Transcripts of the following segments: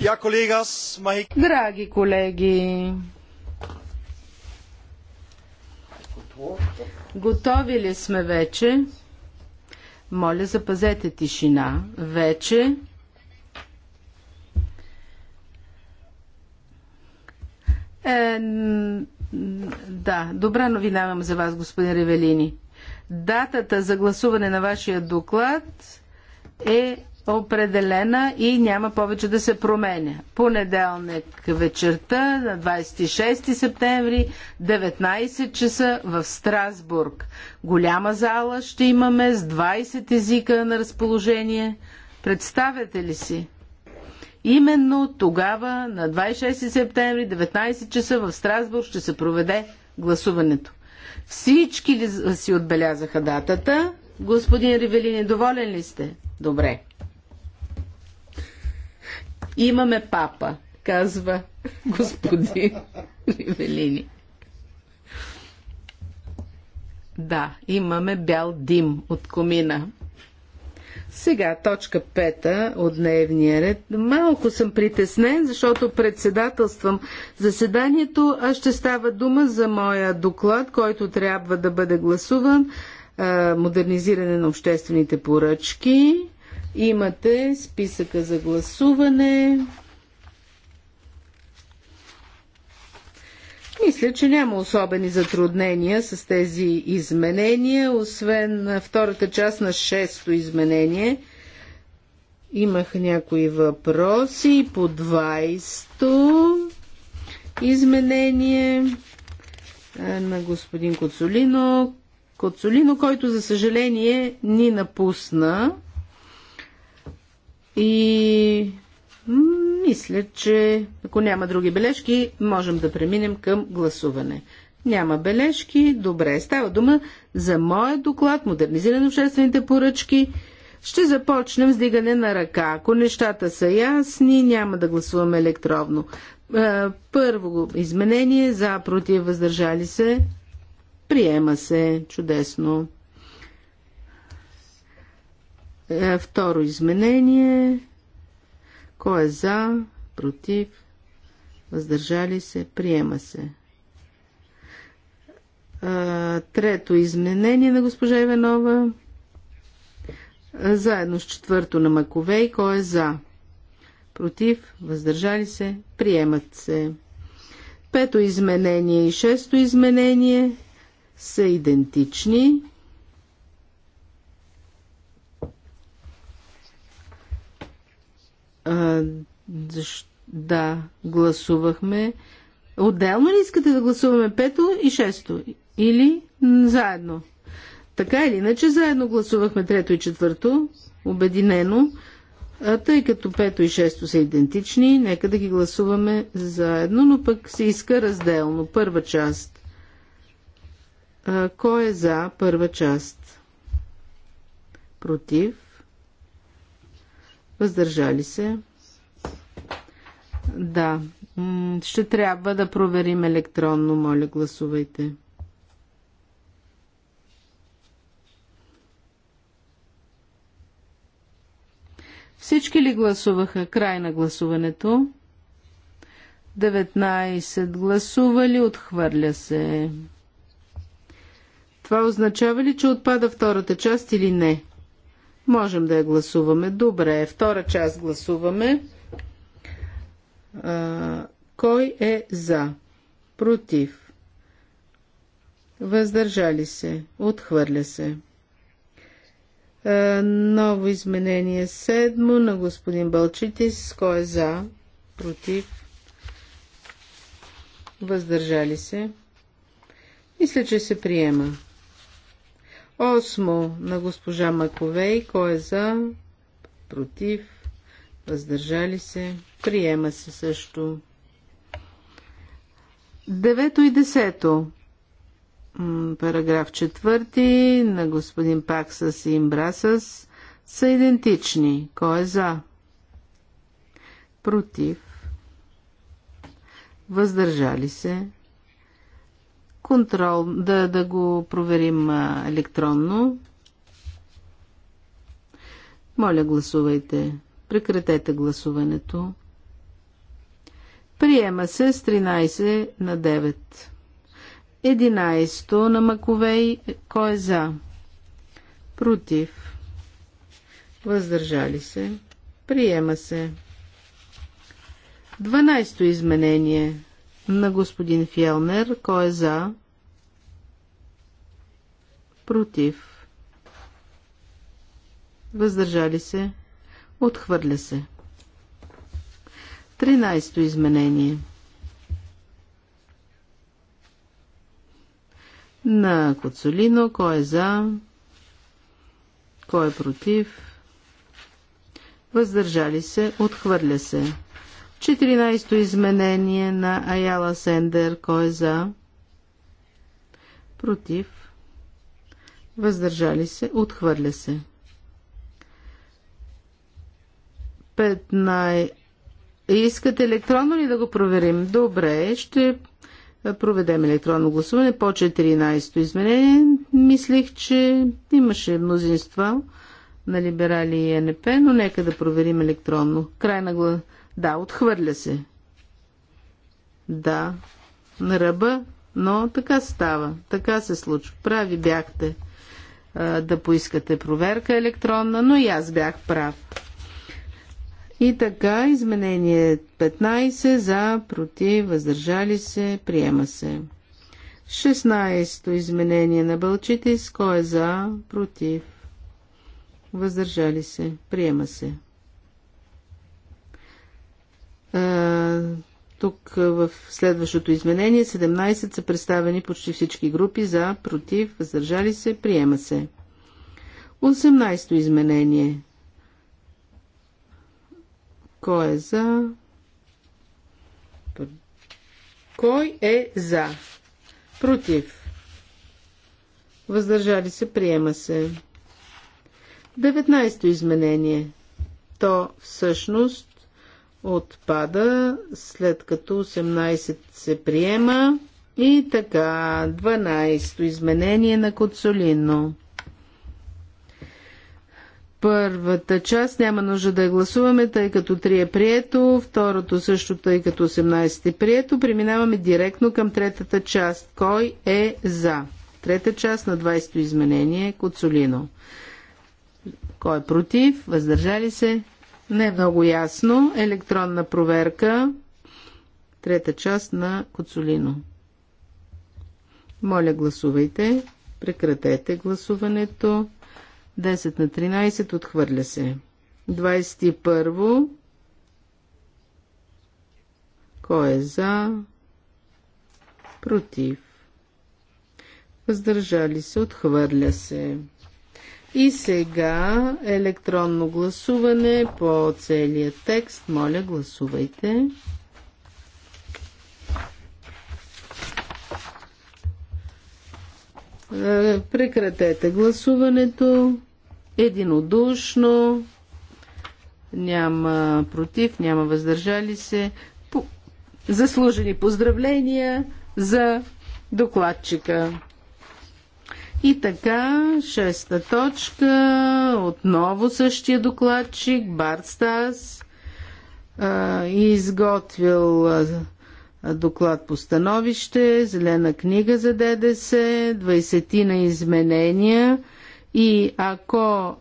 Ja, Драги колеги, готови ли сме вече? Моля, запазете тишина. Вече. Е, да, добра новина имам за вас, господин Ревелини. Датата за гласуване на вашия доклад е определена и няма повече да се променя. Понеделник вечерта на 26 септември 19 часа в Страсбург. Голяма зала ще имаме с 20 езика на разположение. Представете ли си? Именно тогава, на 26 септември, 19 часа в Страсбург ще се проведе гласуването. Всички ли си отбелязаха датата? Господин Ривелин, доволен ли сте? Добре. Имаме папа, казва господин Ривелини. Да, имаме бял дим от комина. Сега точка пета от дневния ред. Малко съм притеснен, защото председателствам заседанието, а ще става дума за моя доклад, който трябва да бъде гласуван. Модернизиране на обществените поръчки. Имате списъка за гласуване. Мисля, че няма особени затруднения с тези изменения, освен на втората част на шесто изменение. Имах някои въпроси по 20-то изменение на господин Коцолино. Коцолино, който за съжаление ни напусна. И мисля, че ако няма други бележки, можем да преминем към гласуване. Няма бележки. Добре, става дума за моят доклад Модернизиране на обществените поръчки. Ще започнем с дигане на ръка. Ако нещата са ясни, няма да гласуваме електронно. Е, първо изменение за против въздържали се. Приема се чудесно. Е, второ изменение. Кой е за, против, въздържали се, приема се. Е, трето изменение на госпожа Иванова. Е, заедно с четвърто на Маковей. Кой е за? Против, въздържали се, приемат се. Пето изменение и шесто изменение са идентични. да, гласувахме. Отделно ли искате да гласуваме пето и шесто? Или заедно? Така или иначе, заедно гласувахме трето и четвърто, обединено. А тъй като пето и шесто са идентични, нека да ги гласуваме заедно, но пък се иска разделно. Първа част. А, кой е за първа част? Против? Въздържали се. Да. Ще трябва да проверим електронно. Моля, гласувайте. Всички ли гласуваха? Край на гласуването. 19 гласували, отхвърля се. Това означава ли, че отпада втората част или не? Можем да я гласуваме. Добре, втора част гласуваме. А, кой е за? Против? Въздържали се? Отхвърля се? А, ново изменение седмо на господин Бълчитис. Кой е за? Против? Въздържали се? Мисля, че се приема. Осмо на госпожа Маковей. Кой е за? Против? Въздържали се? Приема се също. Девето и десето. Параграф четвърти на господин Паксас и Имбрасас са идентични. Кой е за? Против? Въздържали се? контрол, да, да го проверим а, електронно. Моля, гласувайте. Прекратете гласуването. Приема се с 13 на 9. 11 на Маковей. Кой е за? Против. Въздържали се. Приема се. 12 изменение на господин Фелнер. Кой е за? Против. Въздържали се. Отхвърля се. Тринайсто изменение. На Коцолино. Кой е за? Кой е против? Въздържали се. Отхвърля се. 14-то изменение на Аяла Сендер. Кой е за? Против. Въздържали се. Отхвърля се. 15. Искате електронно ли да го проверим? Добре, ще проведем електронно гласуване по 14-то изменение. Мислих, че имаше мнозинства на либерали и НП, но нека да проверим електронно. Край на гласуването. Да, отхвърля се. Да, на ръба, но така става, така се случва. Прави бяхте а, да поискате проверка електронна, но и аз бях прав. И така, изменение 15 за, против, въздържали се, приема се. 16-то изменение на Бълчите, с кой е за, против, въздържали се, приема се. Тук в следващото изменение 17 са представени почти всички групи за, против, въздържали се, приема се. 18-то изменение. Кой е за? Кой е за? Против. Въздържали се, приема се. 19-то изменение. То всъщност отпада, след като 18 се приема. И така, 12-то изменение на Коцолино. Първата част няма нужда да я гласуваме, тъй като 3 е прието, второто също, тъй като 18 е прието. Преминаваме директно към третата част. Кой е за? Трета част на 20-то изменение Коцолино. Кой е против? Въздържали се? Не е много ясно. Електронна проверка. Трета част на Коцолино. Моля, гласувайте. Прекратете гласуването. 10 на 13 отхвърля се. 21. Кой е за? Против. Въздържали се, отхвърля се. И сега електронно гласуване по целия текст. Моля, гласувайте. Е, прекратете гласуването. Единодушно. Няма против, няма въздържали се. Заслужени поздравления за докладчика. И така, шеста точка, отново същия докладчик, Барт Стас, изготвил доклад по становище, зелена книга за ДДС, 20 на изменения и ако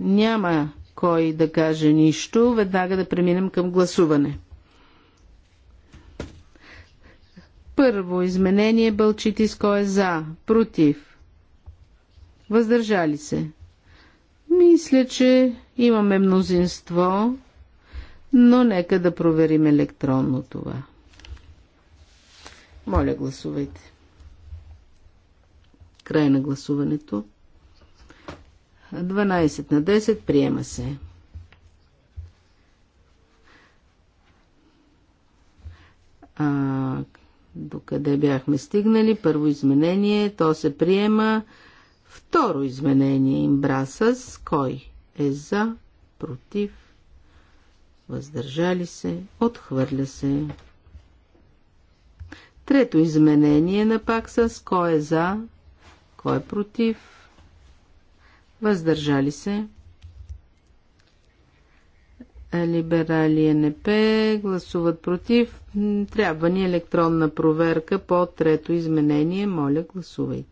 няма кой да каже нищо, веднага да преминем към гласуване. Първо изменение Бълчитис кой е за, против, въздържали се. Мисля, че имаме мнозинство, но нека да проверим електронно това. Моля, гласувайте. Край на гласуването. 12 на 10 приема се. А, Докъде бяхме стигнали? Първо изменение, то се приема. Второ изменение, имбрасъс, кой е за, против, въздържали се, отхвърля се. Трето изменение на с кой е за, кой е против, въздържали се, либерали НП гласуват против. Трябва ни електронна проверка по трето изменение. Моля, гласувайте.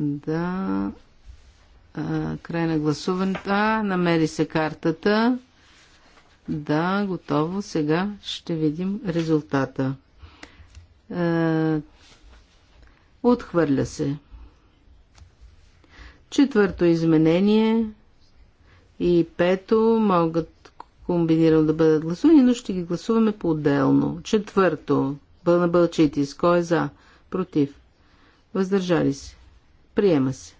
Да. А, край на гласуването. А, намери се картата. Да, готово. Сега ще видим резултата. Е, отхвърля се. Четвърто изменение и пето могат комбинирано да бъдат гласувани, но ще ги гласуваме по-отделно. Четвърто. Бълна Бълчитис. Кой е за? Против. Въздържали се. Приема се.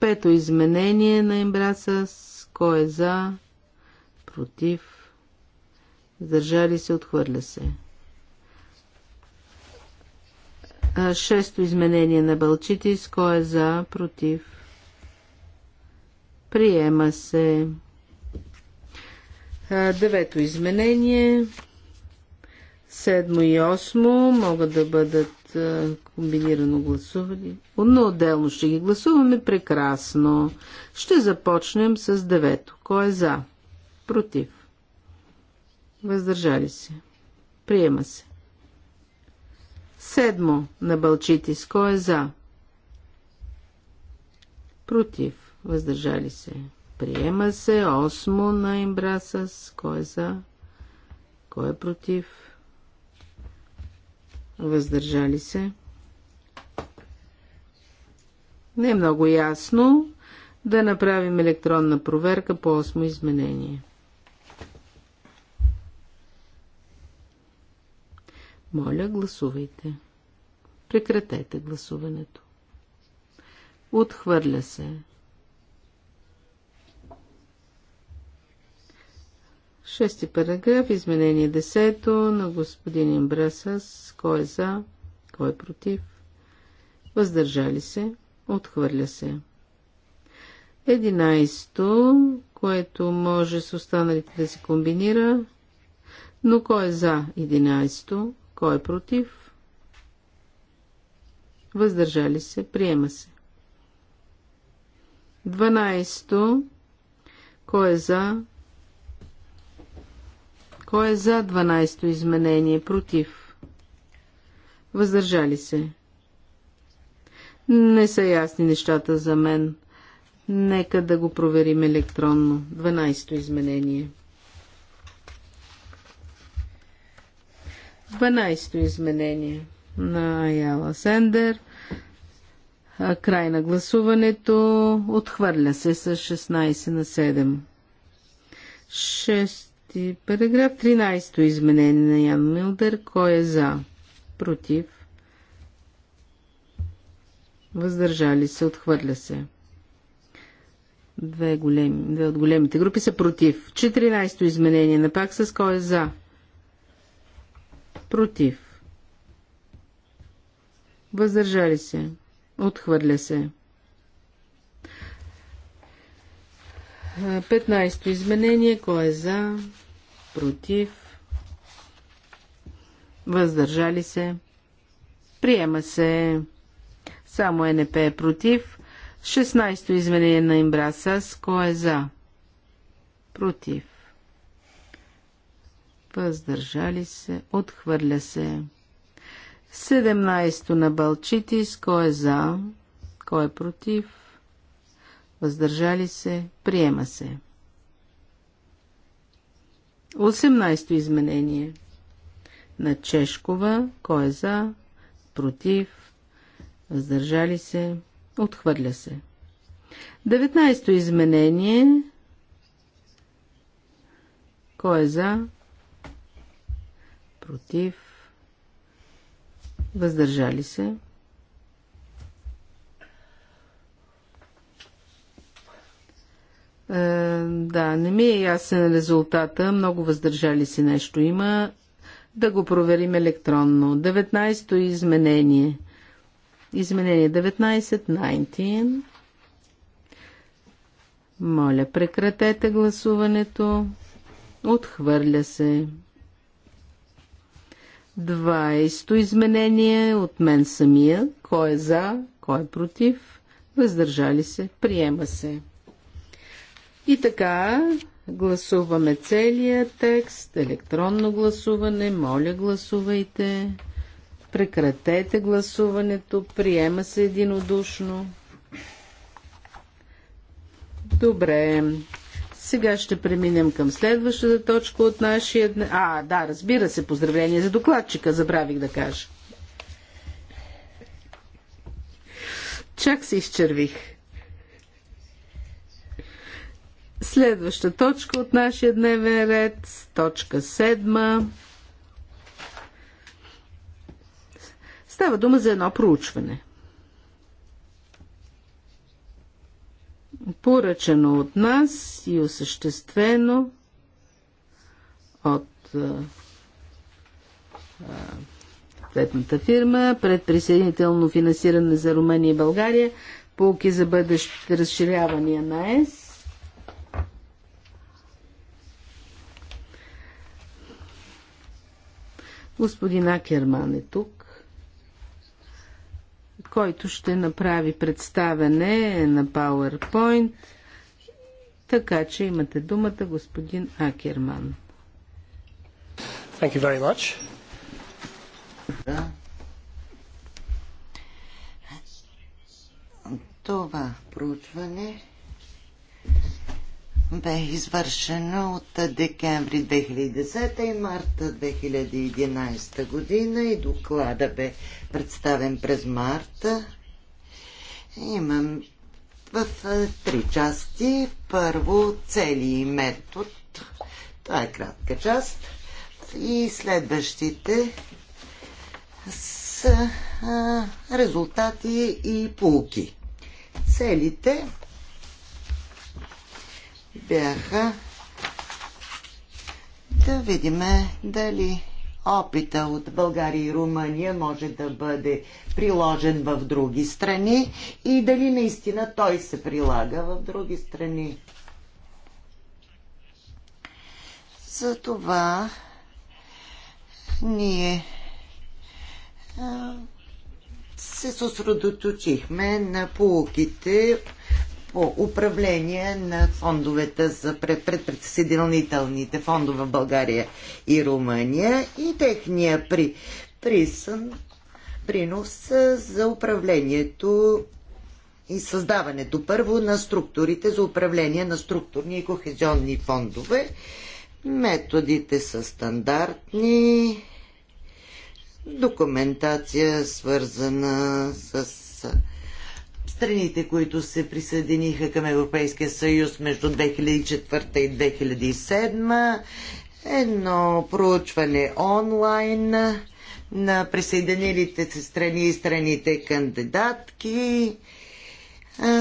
Пето изменение на Имбраца. Кой е за? Против. Въздържали се. Отхвърля се. Шесто изменение на Балчитис. Кой е за? Против. Приема се. Девето изменение. Седмо и осмо могат да бъдат комбинирано гласувани. Но отделно ще ги гласуваме. Прекрасно. Ще започнем с девето. Кой е за? Против. Въздържали се. Приема се. Седмо на Балчитис. Кой е за? Против. Въздържали се. Приема се. Осмо на Имбрасас. Кой е за? Кой е против? Въздържали се. Не е много ясно да направим електронна проверка по осмо изменение. Моля, гласувайте. Прекратете гласуването. Отхвърля се. Шести параграф, изменение 10 на господин Имбрасас. Кой е за? Кой е против? Въздържали се? Отхвърля се. Единайсто, което може с останалите да се комбинира, но кой е за 11? Кой е против? Въздържали се. Приема се. 12. Кой е за? Кой е за 12-то изменение? Против. Въздържали се. Не са ясни нещата за мен. Нека да го проверим електронно. 12-то изменение. 12-то изменение на Аяла Сендер. Край на гласуването. Отхвърля се с 16 на 7. 6. Параграф 13 то изменение на Ян Милдер. Кой е за? Против? Въздържали се. Отхвърля се. Две, големи, две от големите групи са против. 14-то изменение на пак с кой е за? против, въздържали се, отхвърля се. 15-то изменение, кой е за, против, въздържали се, приема се, само НП е против. 16-то изменение на Имбрасас, кой е за, против, сдържали се, отхвърля се. 17 на Балчитис, кой е за, кой е против, въздържали се, приема се. 18 изменение на Чешкова, кой е за, против, въздържали се, отхвърля се. 19 изменение, кой е за, против, въздържали се. Е, да, не ми е ясен резултата. Много въздържали се нещо има. Да го проверим електронно. 19-то изменение. Изменение 19, 19. Моля, прекратете гласуването. Отхвърля се. 20-то изменение от мен самия. Кой е за, кой е против, въздържали се, приема се. И така, гласуваме целия текст, електронно гласуване, моля гласувайте, прекратете гласуването, приема се единодушно. Добре, сега ще преминем към следващата точка от нашия... А, да, разбира се, поздравление за докладчика, забравих да кажа. Чак се изчервих. Следваща точка от нашия дневен ред, точка седма. Става дума за едно проучване – поръчано от нас и осъществено от съответната фирма, предприсъединително финансиране за Румъния и България, полки за бъдещите разширявания на ЕС. Господин Акерман е тук който ще направи представене на PowerPoint. Така че имате думата, господин Акерман. Thank you very much. Това проучване бе извършено от декември 2010 и марта 2011 година и доклада бе представен през марта. Имам в три части. Първо цели и метод. Това е кратка част. И следващите с резултати и полки. Целите бяха да видим дали опита от България и Румъния може да бъде приложен в други страни и дали наистина той се прилага в други страни. Затова ние се съсредоточихме на полуките по управление на фондовете за предпредседилнителните фондове в България и Румъния и техния при, присън, принос за управлението и създаването първо на структурите за управление на структурни и кохезионни фондове. Методите са стандартни, документация свързана с страните, които се присъединиха към Европейския съюз между 2004 и 2007, едно проучване онлайн на присъединилите се страни и страните кандидатки.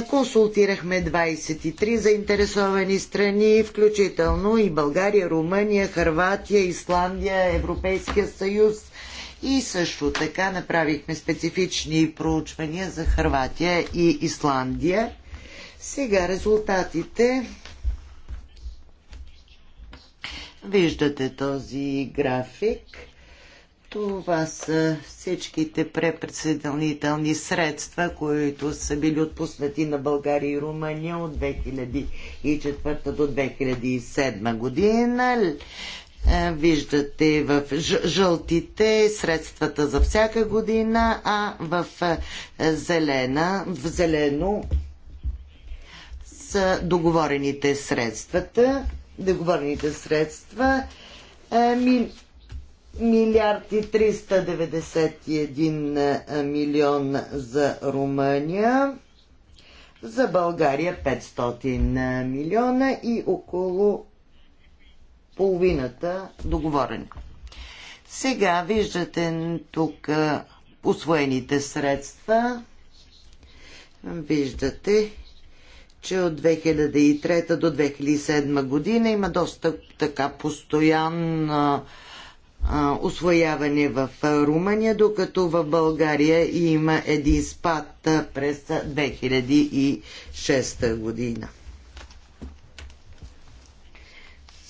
Консултирахме 23 заинтересовани страни, включително и България, Румъния, Харватия, Исландия, Европейския съюз, и също така направихме специфични проучвания за Харватия и Исландия. Сега резултатите. Виждате този график. Това са всичките препредседнителни средства, които са били отпуснати на България и Румъния от 2004 до 2007 година. Е, виждате в жълтите средствата за всяка година, а в е, зелена, в зелено са договорените средствата, договорените средства е, ми, милиард и 391 милион за Румъния, за България 500 милиона и около половината договорени. Сега виждате тук освоените средства. Виждате, че от 2003 до 2007 година има доста така постоянно освояване в Румъния, докато в България има един спад през 2006 година.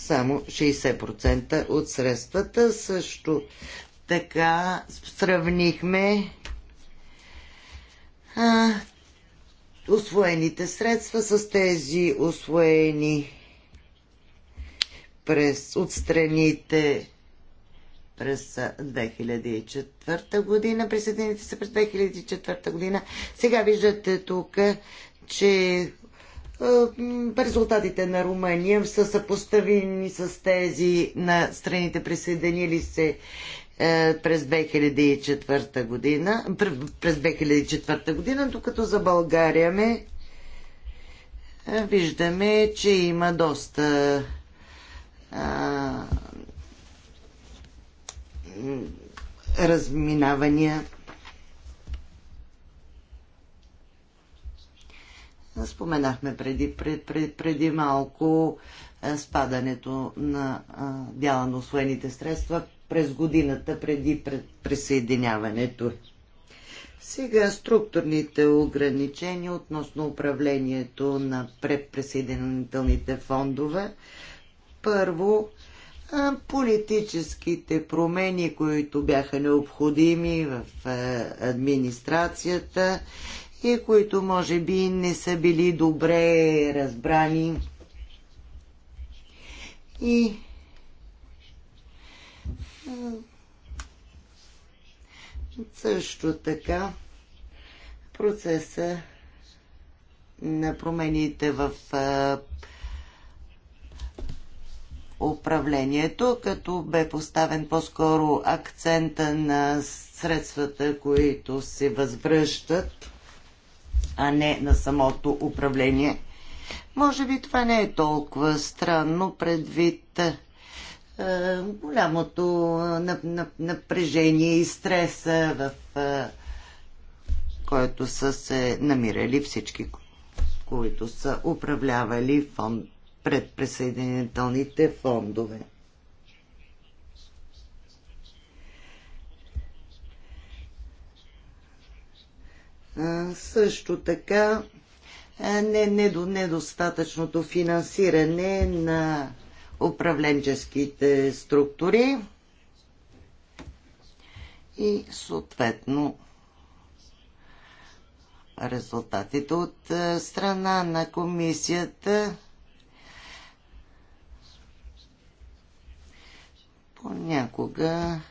само 60% от средствата. Също така сравнихме а, освоените средства с тези освоени през, отстраните през 2004 година, присъедините се през 2004 година. Сега виждате тук, че е, резултатите на Румъния са съпоставими с тези на страните присъединили се е, през 2004 година, през 2004 година, докато за България ме е, виждаме, че има доста а, разминавания Споменахме преди, пред, пред, преди малко е, спадането на дяла на освоените средства през годината преди пред присъединяването. Сега структурните ограничения относно управлението на предприсъединителните фондове. Първо, политическите промени, които бяха необходими в е, администрацията и които може би не са били добре разбрани. И също така процеса на промените в управлението, като бе поставен по-скоро акцента на средствата, които се възвръщат а не на самото управление. Може би това не е толкова странно предвид е, голямото е, напрежение и стреса, в е, който са се намирали всички, които са управлявали фонд, предпресъединителните фондове. Също така не, не до недостатъчното финансиране на управленческите структури и съответно резултатите от страна на комисията понякога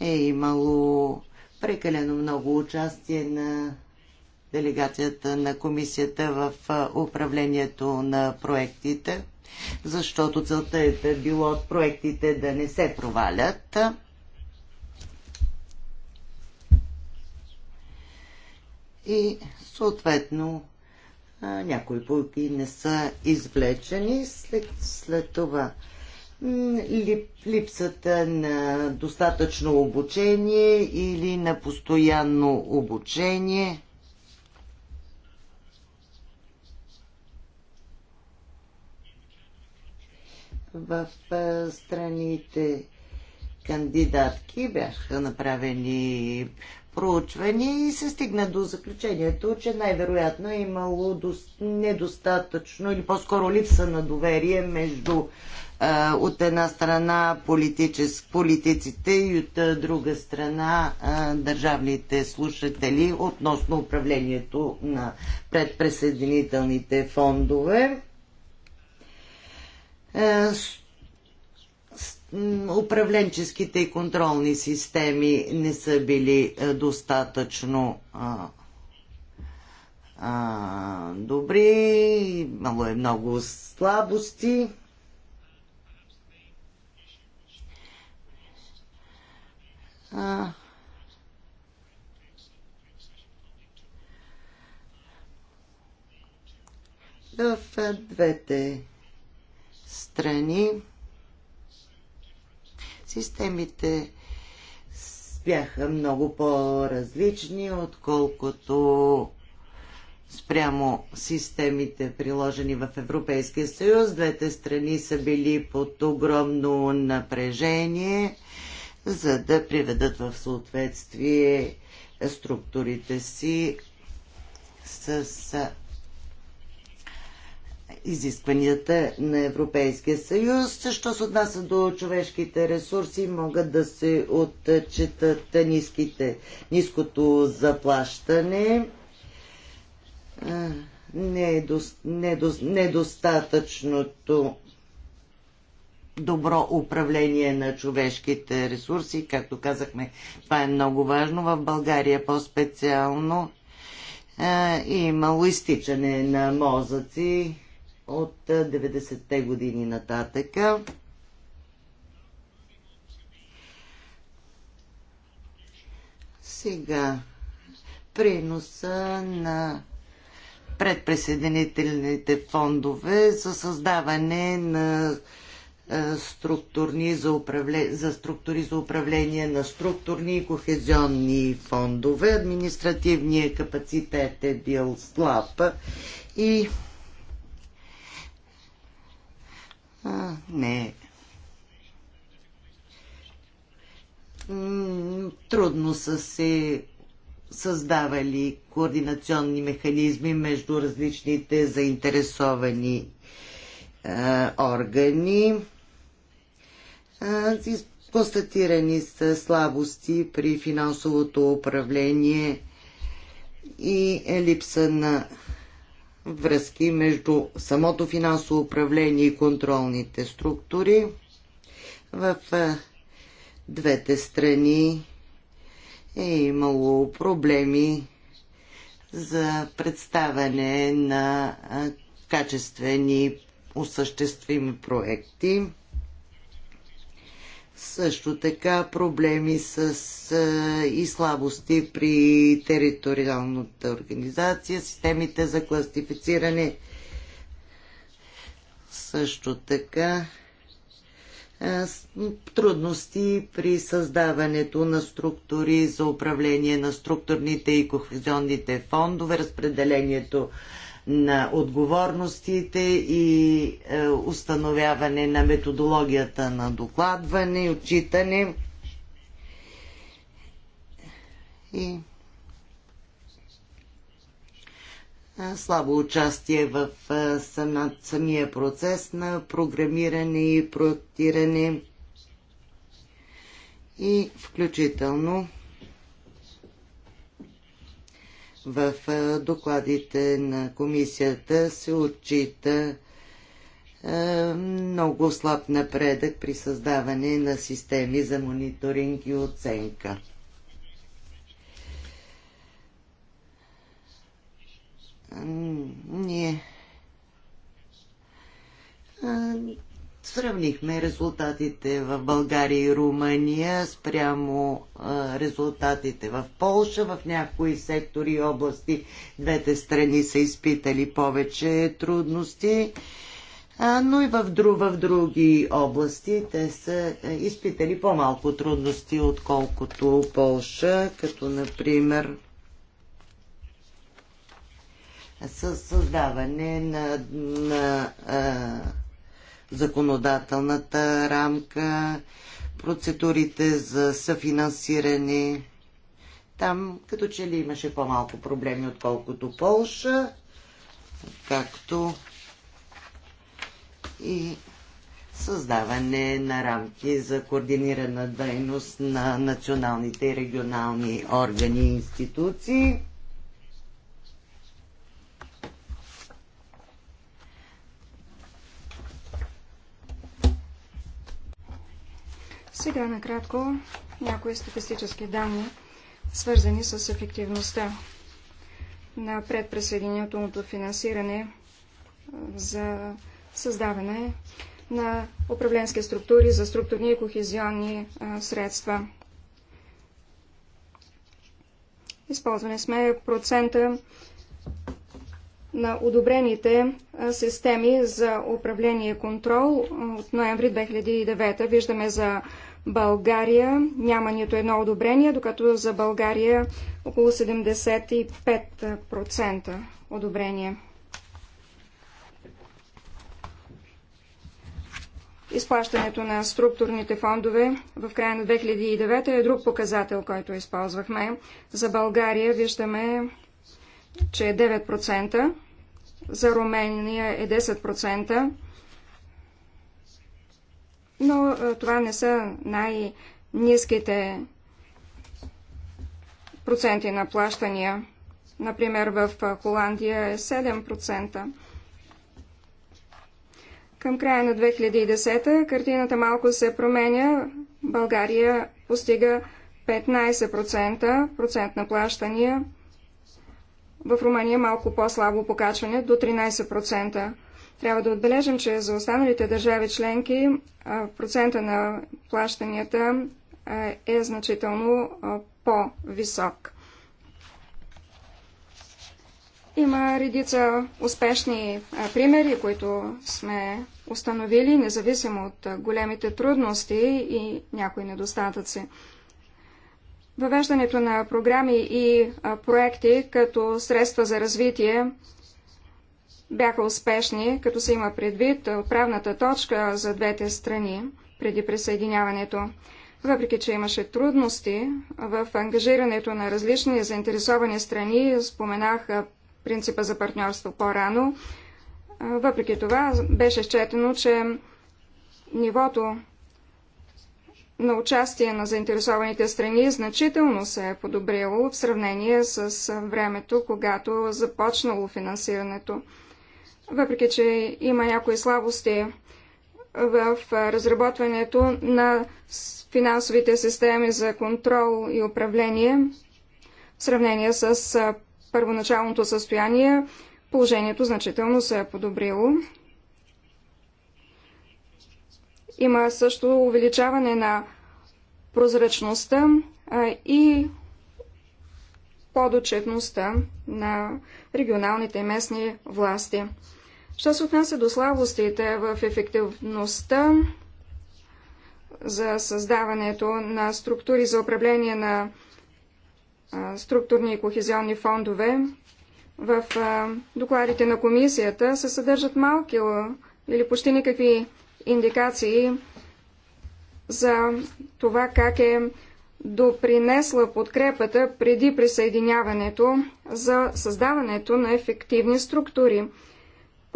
е имало прекалено много участие на делегацията на комисията в управлението на проектите, защото целта е да било от проектите да не се провалят. И съответно някои пулки не са извлечени. След, след това липсата на достатъчно обучение или на постоянно обучение. В страните кандидатки бяха направени проучвани и се стигна до заключението, че най-вероятно е имало недостатъчно или по-скоро липса на доверие между от една страна политиците и от друга страна държавните слушатели относно управлението на предпресъединителните фондове управленческите и контролни системи не са били е, достатъчно а, а, добри, имало е много слабости. А, в е, двете страни Системите бяха много по-различни, отколкото спрямо системите, приложени в Европейския съюз. Двете страни са били под огромно напрежение, за да приведат в съответствие структурите си с изискванията на Европейския съюз. Що се отнася до човешките ресурси, могат да се отчитат ниските, ниското заплащане. недостатъчното добро управление на човешките ресурси. Както казахме, това е много важно. В България по-специално имало изтичане на мозъци от 90-те години нататъка. Сега приноса на предприсъединителните фондове за създаване на структурни за, управление, за структури за управление на структурни и кохезионни фондове. Административният капацитет е бил слаб и А, не. Трудно са се създавали координационни механизми между различните заинтересовани а, органи. А, констатирани са слабости при финансовото управление и липса на връзки между самото финансово управление и контролните структури в двете страни е имало проблеми за представяне на качествени осъществими проекти също така проблеми с а, и слабости при териториалната организация, системите за класифициране. Също така трудности при създаването на структури за управление на структурните и кохезионните фондове, разпределението на отговорностите и е, установяване на методологията на докладване и отчитане. И е, слабо участие в е, самия процес на програмиране и проектиране и включително в докладите на комисията се отчита много слаб напредък при създаване на системи за мониторинг и оценка. Ние Сравнихме резултатите в България и Румъния спрямо а, резултатите в Полша. В някои сектори и области двете страни са изпитали повече трудности, а, но и в, дру, в други области те са изпитали по-малко трудности, отколкото Полша, като например със създаване на, на на законодателната рамка, процедурите за съфинансиране. Там като че ли имаше по-малко проблеми, отколкото Полша, както и създаване на рамки за координирана дейност на националните и регионални органи и институции. Сега накратко някои статистически данни, свързани с ефективността на предпресъединителното финансиране за създаване на управленски структури за структурни и кохезионни средства. Използвани сме процента на одобрените системи за управление и контрол от ноември 2009. Виждаме за България няма нито едно одобрение, докато за България около 75% одобрение. Изплащането на структурните фондове в края на 2009 е друг показател, който използвахме. За България виждаме, че е 9%, за Румения е 10%, но това не са най-низките проценти на плащания. Например, в Холандия е 7%. Към края на 2010 картината малко се променя. България постига 15% процент на плащания. В Румъния малко по-слабо покачване до 13%. Трябва да отбележим, че за останалите държави членки процента на плащанията е значително по-висок. Има редица успешни примери, които сме установили, независимо от големите трудности и някои недостатъци. Въвеждането на програми и проекти като средства за развитие бяха успешни, като се има предвид правната точка за двете страни преди присъединяването. Въпреки, че имаше трудности в ангажирането на различни заинтересовани страни, споменах принципа за партньорство по-рано, въпреки това беше счетено, че нивото на участие на заинтересованите страни значително се е подобрило в сравнение с времето, когато започнало финансирането въпреки че има някои слабости в разработването на финансовите системи за контрол и управление в сравнение с първоначалното състояние, положението значително се е подобрило. Има също увеличаване на прозрачността и подотчетността на регионалните и местни власти. Що се отнася до слабостите в ефективността за създаването на структури за управление на структурни и кохезионни фондове, в докладите на комисията се съдържат малки или почти никакви индикации за това как е допринесла подкрепата преди присъединяването за създаването на ефективни структури.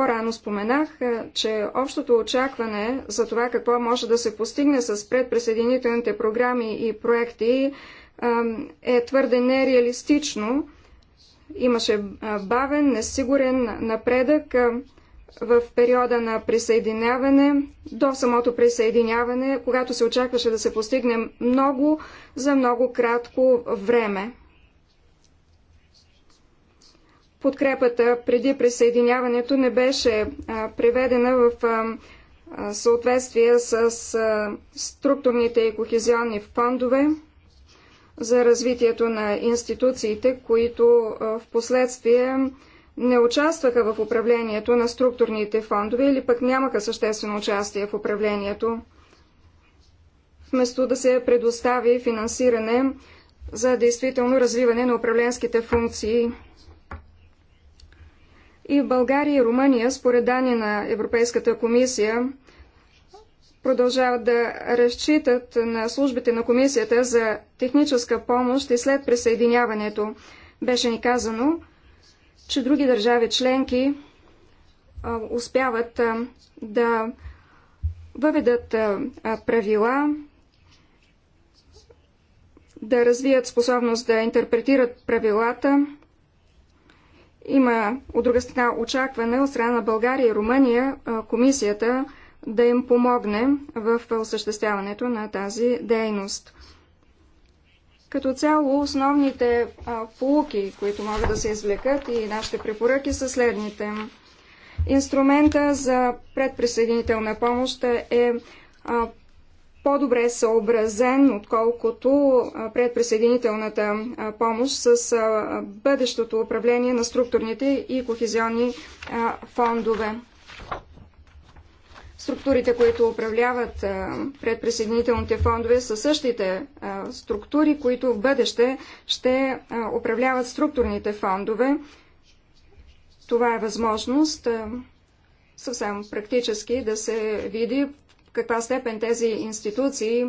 По-рано споменах, е, че общото очакване за това какво може да се постигне с предприсъединителните програми и проекти е, е твърде нереалистично. Имаше е, бавен, несигурен напредък в периода на присъединяване, до самото присъединяване, когато се очакваше да се постигне много за много кратко време подкрепата преди присъединяването не беше преведена в съответствие с структурните и кохезионни фондове за развитието на институциите, които в последствие не участваха в управлението на структурните фондове или пък нямаха съществено участие в управлението, вместо да се предостави финансиране за действително развиване на управленските функции и в България и Румъния, според данни на Европейската комисия, продължават да разчитат на службите на комисията за техническа помощ и след присъединяването. Беше ни казано, че други държави членки успяват да въведат правила, да развият способност да интерпретират правилата, има, от друга страна, очакване от страна на България и Румъния комисията да им помогне в осъществяването на тази дейност. Като цяло, основните а, полуки, които могат да се извлекат и нашите препоръки са следните. Инструмента за предприсъединителна помощ е а, по-добре съобразен, отколкото предприсъединителната помощ с бъдещото управление на структурните и кохезионни фондове. Структурите, които управляват предприсъединителните фондове, са същите структури, които в бъдеще ще управляват структурните фондове. Това е възможност съвсем практически да се види каква степен тези институции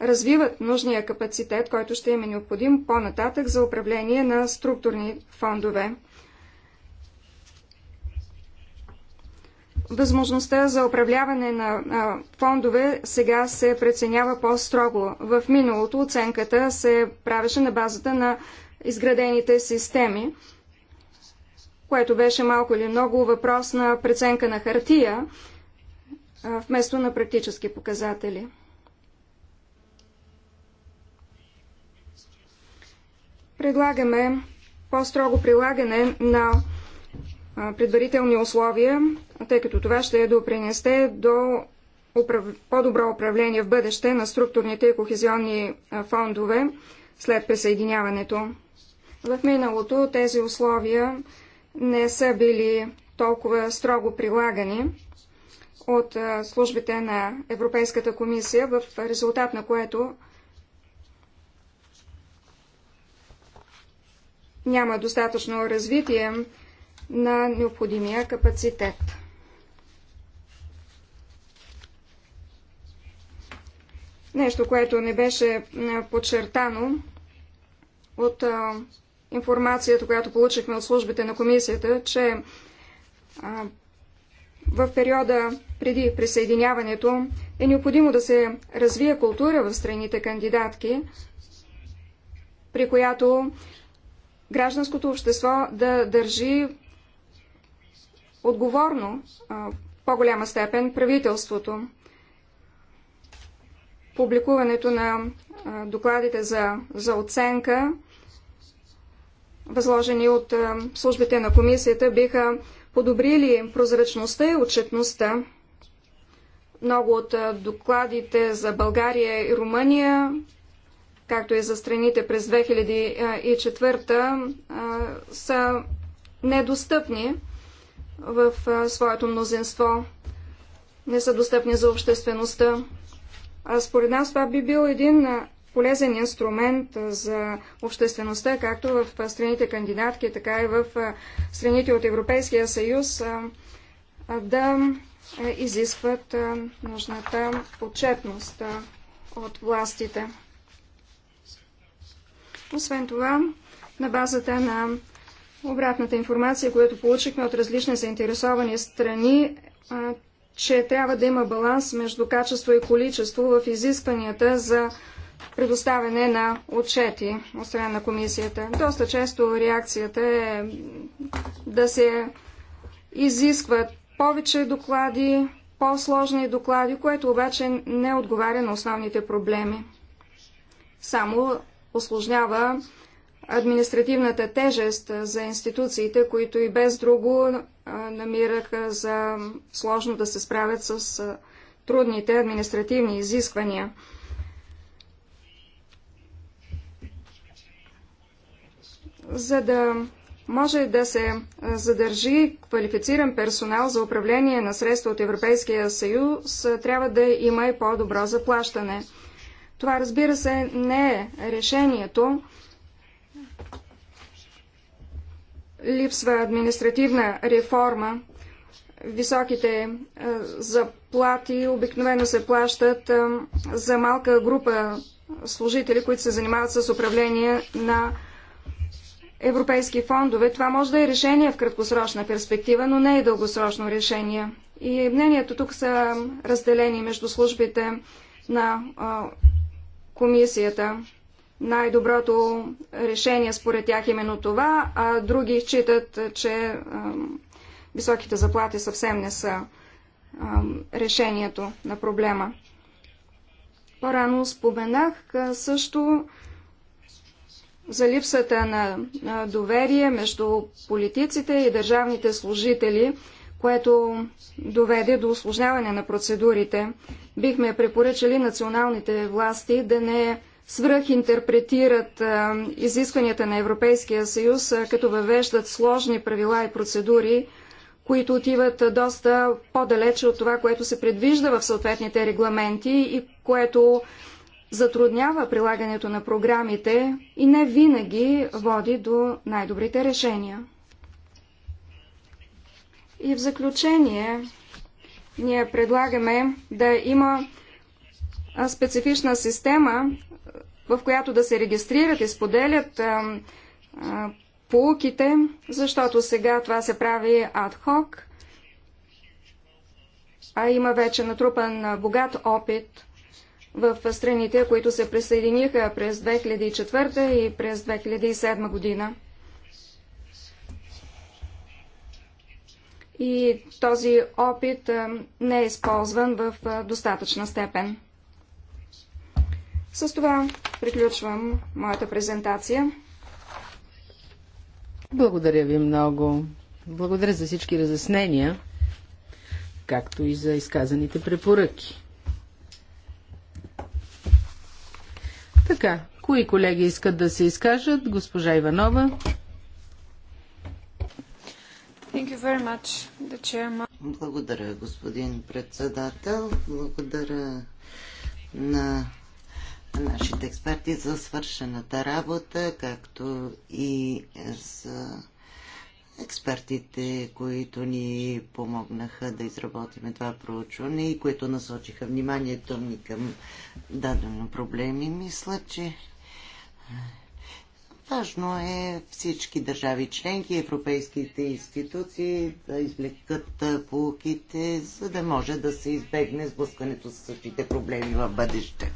развиват нужния капацитет, който ще им е необходим по-нататък за управление на структурни фондове. Възможността за управляване на фондове сега се преценява по-строго. В миналото оценката се правеше на базата на изградените системи, което беше малко или много въпрос на преценка на хартия, вместо на практически показатели. Предлагаме по-строго прилагане на предварителни условия, тъй като това ще допринесте до по-добро управление в бъдеще на структурните и кохезионни фондове след присъединяването. В миналото тези условия не са били толкова строго прилагани от службите на Европейската комисия, в резултат на което няма достатъчно развитие на необходимия капацитет. Нещо, което не беше подчертано от информацията, която получихме от службите на комисията, че в периода преди присъединяването е необходимо да се развие култура в страните кандидатки, при която гражданското общество да държи отговорно в по-голяма степен правителството. Публикуването на докладите за, за оценка, възложени от службите на комисията, биха подобрили прозрачността и отчетността. Много от докладите за България и Румъния, както и за страните през 2004, са недостъпни в своето мнозинство, не са достъпни за обществеността. според нас това би бил един полезен инструмент за обществеността, както в страните кандидатки, така и в страните от Европейския съюз, да изискват нужната отчетност от властите. Освен това, на базата на обратната информация, която получихме от различни заинтересовани страни, че трябва да има баланс между качество и количество в изискванията за предоставяне на отчети от страна на комисията. Доста често реакцията е да се изискват повече доклади, по-сложни доклади, което обаче не отговаря на основните проблеми. Само осложнява административната тежест за институциите, които и без друго намираха за сложно да се справят с трудните административни изисквания. за да може да се задържи квалифициран персонал за управление на средства от Европейския съюз, трябва да има и по-добро заплащане. Това, разбира се, не е решението. Липсва административна реформа. Високите заплати обикновено се плащат за малка група служители, които се занимават с управление на европейски фондове, това може да е решение в краткосрочна перспектива, но не е дългосрочно решение. И мнението тук са разделени между службите на а, комисията. Най-доброто решение според тях е именно това, а други считат, че а, високите заплати съвсем не са а, решението на проблема. По-рано споменах също за липсата на доверие между политиците и държавните служители, което доведе до осложняване на процедурите. Бихме препоръчали националните власти да не свръхинтерпретират изискванията на Европейския съюз, като въвеждат сложни правила и процедури, които отиват доста по-далече от това, което се предвижда в съответните регламенти и което затруднява прилагането на програмите и не винаги води до най-добрите решения. И в заключение, ние предлагаме да има специфична система, в която да се регистрират и споделят а, а, полуките, защото сега това се прави адхок, а има вече натрупан богат опит – в страните, които се присъединиха през 2004 и през 2007 година. И този опит не е използван в достатъчна степен. С това приключвам моята презентация. Благодаря ви много. Благодаря за всички разяснения, както и за изказаните препоръки. Така, кои колеги искат да се изкажат? Госпожа Иванова. Благодаря, господин председател. Благодаря на нашите експерти за свършената работа, както и за експертите, които ни помогнаха да изработим това проучване и които насочиха вниманието ми към дадено проблеми. Мисля, че важно е всички държави членки, европейските институции да извлекат полуките, за да може да се избегне сблъскането с същите проблеми в бъдеще.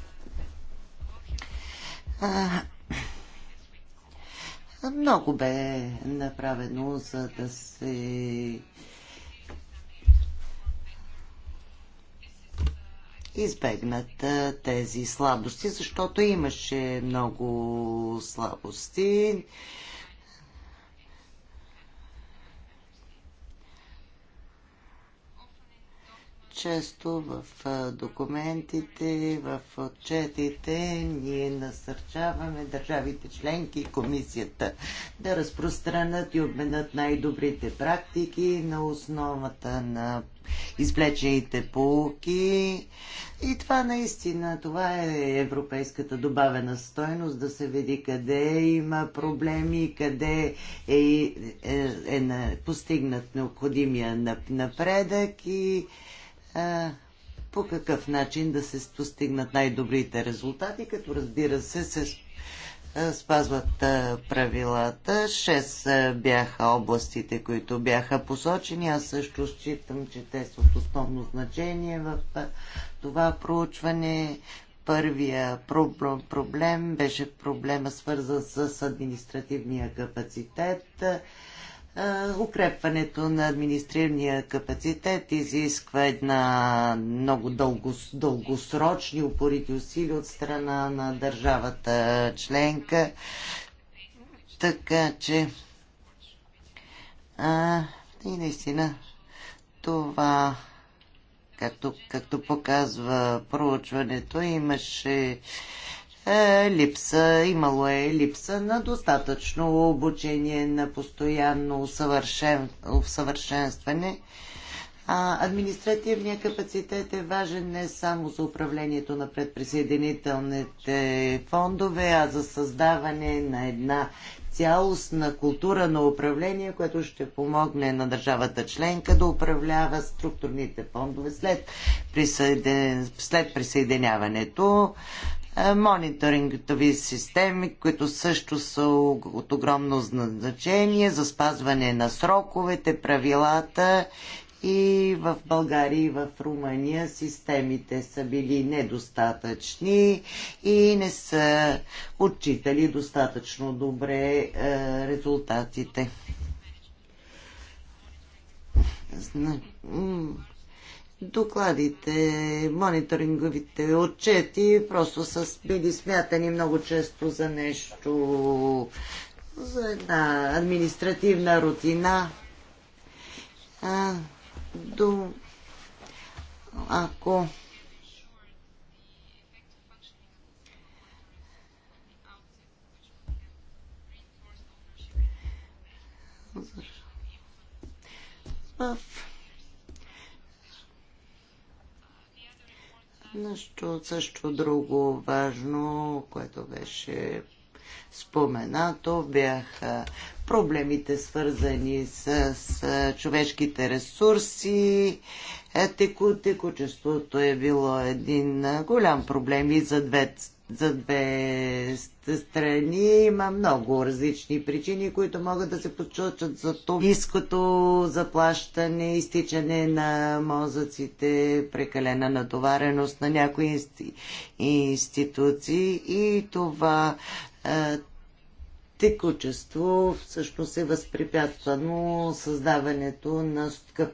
Много бе направено, за да се избегнат тези слабости, защото имаше много слабости. често в документите, в отчетите ние насърчаваме държавите членки и комисията да разпространят и обменят най-добрите практики на основата на извлечените полуки. И това наистина, това е европейската добавена стойност, да се види къде има проблеми, къде е, е, е, е постигнат необходимия напредък и по какъв начин да се постигнат най-добрите резултати, като разбира се се спазват правилата. Шест бяха областите, които бяха посочени. Аз също считам, че те са от основно значение в това проучване. Първия проблем беше проблема свързан с административния капацитет е, укрепването на административния капацитет изисква една много дългос, дългосрочни упорити усилия от страна на държавата членка. Така че а, и наистина това, както, както показва проучването, имаше е, липса, имало е липса на достатъчно обучение, на постоянно усъвършен, усъвършенстване. А, административният капацитет е важен не само за управлението на предприсъединителните фондове, а за създаване на една цялостна култура на управление, което ще помогне на държавата членка да управлява структурните фондове след, присъедин... след присъединяването. Е, мониторингови системи, които също са от огромно значение за спазване на сроковете, правилата и в България и в Румъния системите са били недостатъчни и не са отчитали достатъчно добре е, резултатите докладите, мониторинговите отчети просто са били смятани много често за нещо, за една административна рутина. А, до... Ако в Нещо също друго важно, което беше споменато, бяха проблемите свързани с, с човешките ресурси. Е, теку, текучеството е било един голям проблем и за двете за две страни. Има много различни причини, които могат да се подчучат за то. Ниското заплащане, изтичане на мозъците, прекалена натовареност на някои институции и това е, текучество всъщност е възпрепятствано създаването на скъп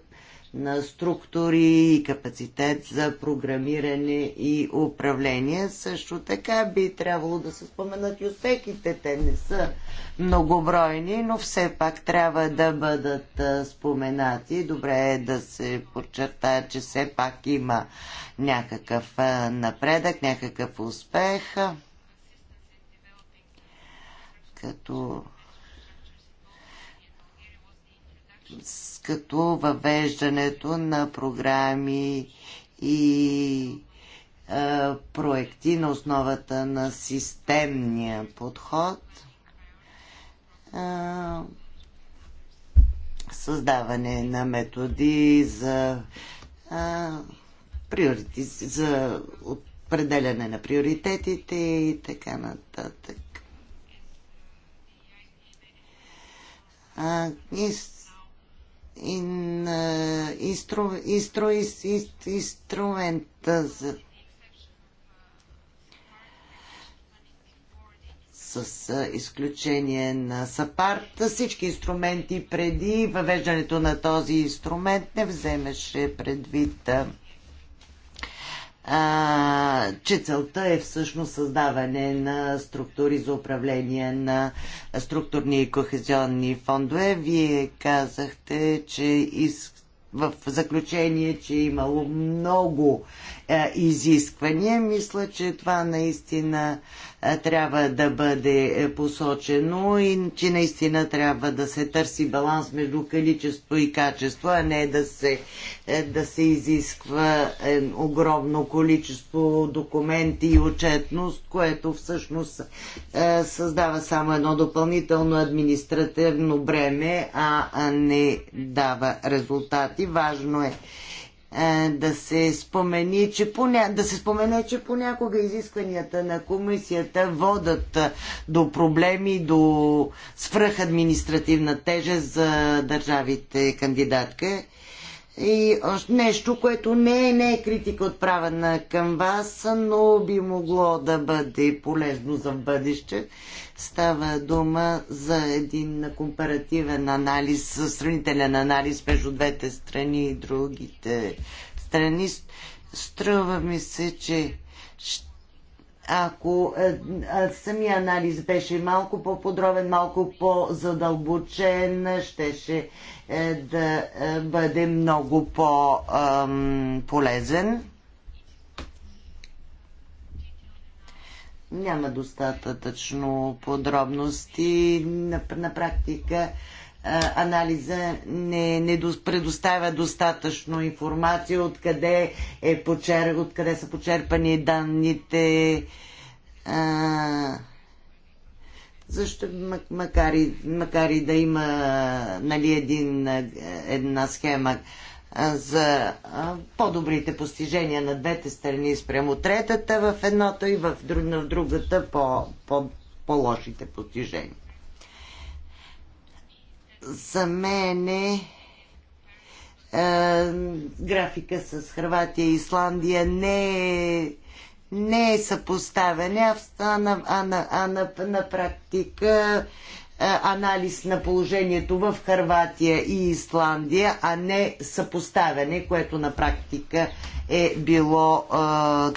на структури и капацитет за програмиране и управление. Също така би трябвало да се споменат и успехите. Те не са многобройни, но все пак трябва да бъдат споменати. Добре е да се подчерта, че все пак има някакъв напредък, някакъв успех. Като като въвеждането на програми и а, проекти на основата на системния подход, а, създаване на методи за приорити, за определяне на приоритетите и така нататък. А, и ин, инстру, за с изключение на САПАРТ. Всички инструменти преди въвеждането на този инструмент не вземеше предвид а, че целта е всъщност създаване на структури за управление на структурни и кохезионни фондове. Вие казахте, че из, в заключение, че е имало много изисквания. Мисля, че това наистина трябва да бъде е, посочено и че наистина трябва да се търси баланс между количество и качество, а не да се, е, да се изисква е, огромно количество документи и отчетност, което всъщност създава само едно допълнително административно бреме, а не дава резултати. Важно е е, да се спомени, че поня... да се спомене, че понякога изискванията на комисията водат е, до проблеми, до свръхадминистративна тежест за държавите кандидатка и нещо, което не е, не е критика отправена към вас, но би могло да бъде полезно за бъдеще. Става дума за един компаративен анализ, сравнителен анализ между двете страни и другите страни. Струва ми се, че ще ако е, самия анализ беше малко по-подробен, малко по-задълбочен, щеше е, да е, бъде много по-полезен. Няма достатъчно подробности на, на практика анализа не, не предоставя достатъчно информация откъде, е почер, откъде са почерпани данните. А, защо, макар и, макар и да има нали, един, една схема за по-добрите постижения на двете страни спрямо третата в едното и в, друг, в другата по, по, по-лошите постижения за мен е, е графика с Хрватия и Исландия не е не е съпоставяне, а, на, а, на, а на, на практика е, анализ на положението в Харватия и Исландия, а не съпоставяне, което на практика е било е,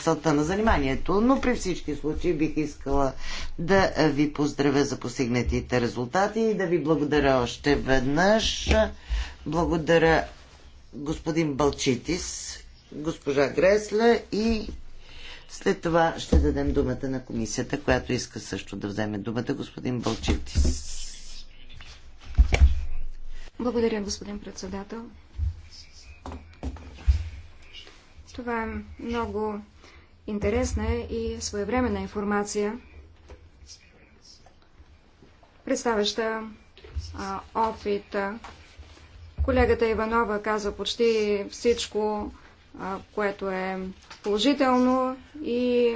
целта на заниманието. Но при всички случаи бих искала да ви поздравя за постигнатите резултати и да ви благодаря още веднъж. Благодаря господин Балчитис, госпожа Гресле и след това ще дадем думата на комисията, която иска също да вземе думата, господин Балчитис. Благодаря, господин председател. Това е много интересна и своевременна информация, представяща опита. Колегата Иванова каза почти всичко, което е положително и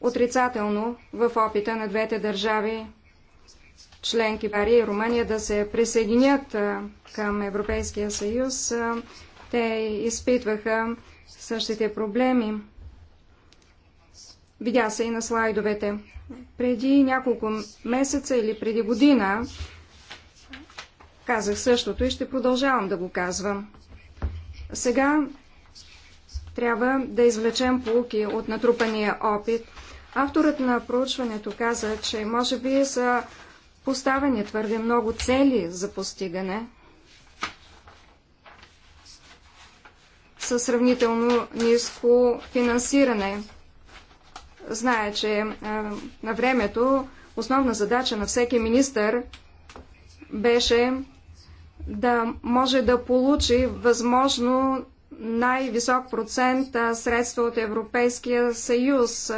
отрицателно в опита на двете държави, членки Бария и Румъния, да се присъединят към Европейския съюз. Те изпитваха същите проблеми. Видя се и на слайдовете. Преди няколко месеца или преди година казах същото и ще продължавам да го казвам. Сега трябва да извлечем полуки от натрупания опит. Авторът на проучването каза, че може би са поставени твърде много цели за постигане със сравнително ниско финансиране. Знае, че е, на времето основна задача на всеки министър беше да може да получи възможно най-висок процент средства от Европейския съюз.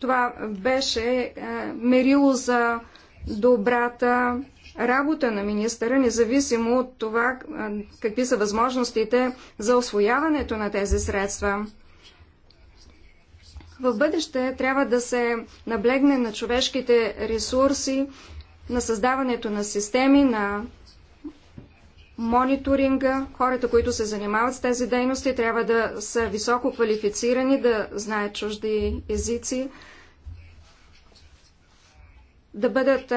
Това беше е, мерило за добрата работа на министъра, независимо от това е, какви са възможностите за освояването на тези средства. В бъдеще трябва да се наблегне на човешките ресурси, на създаването на системи, на мониторинга. Хората, които се занимават с тези дейности, трябва да са високо квалифицирани, да знаят чужди езици, да бъдат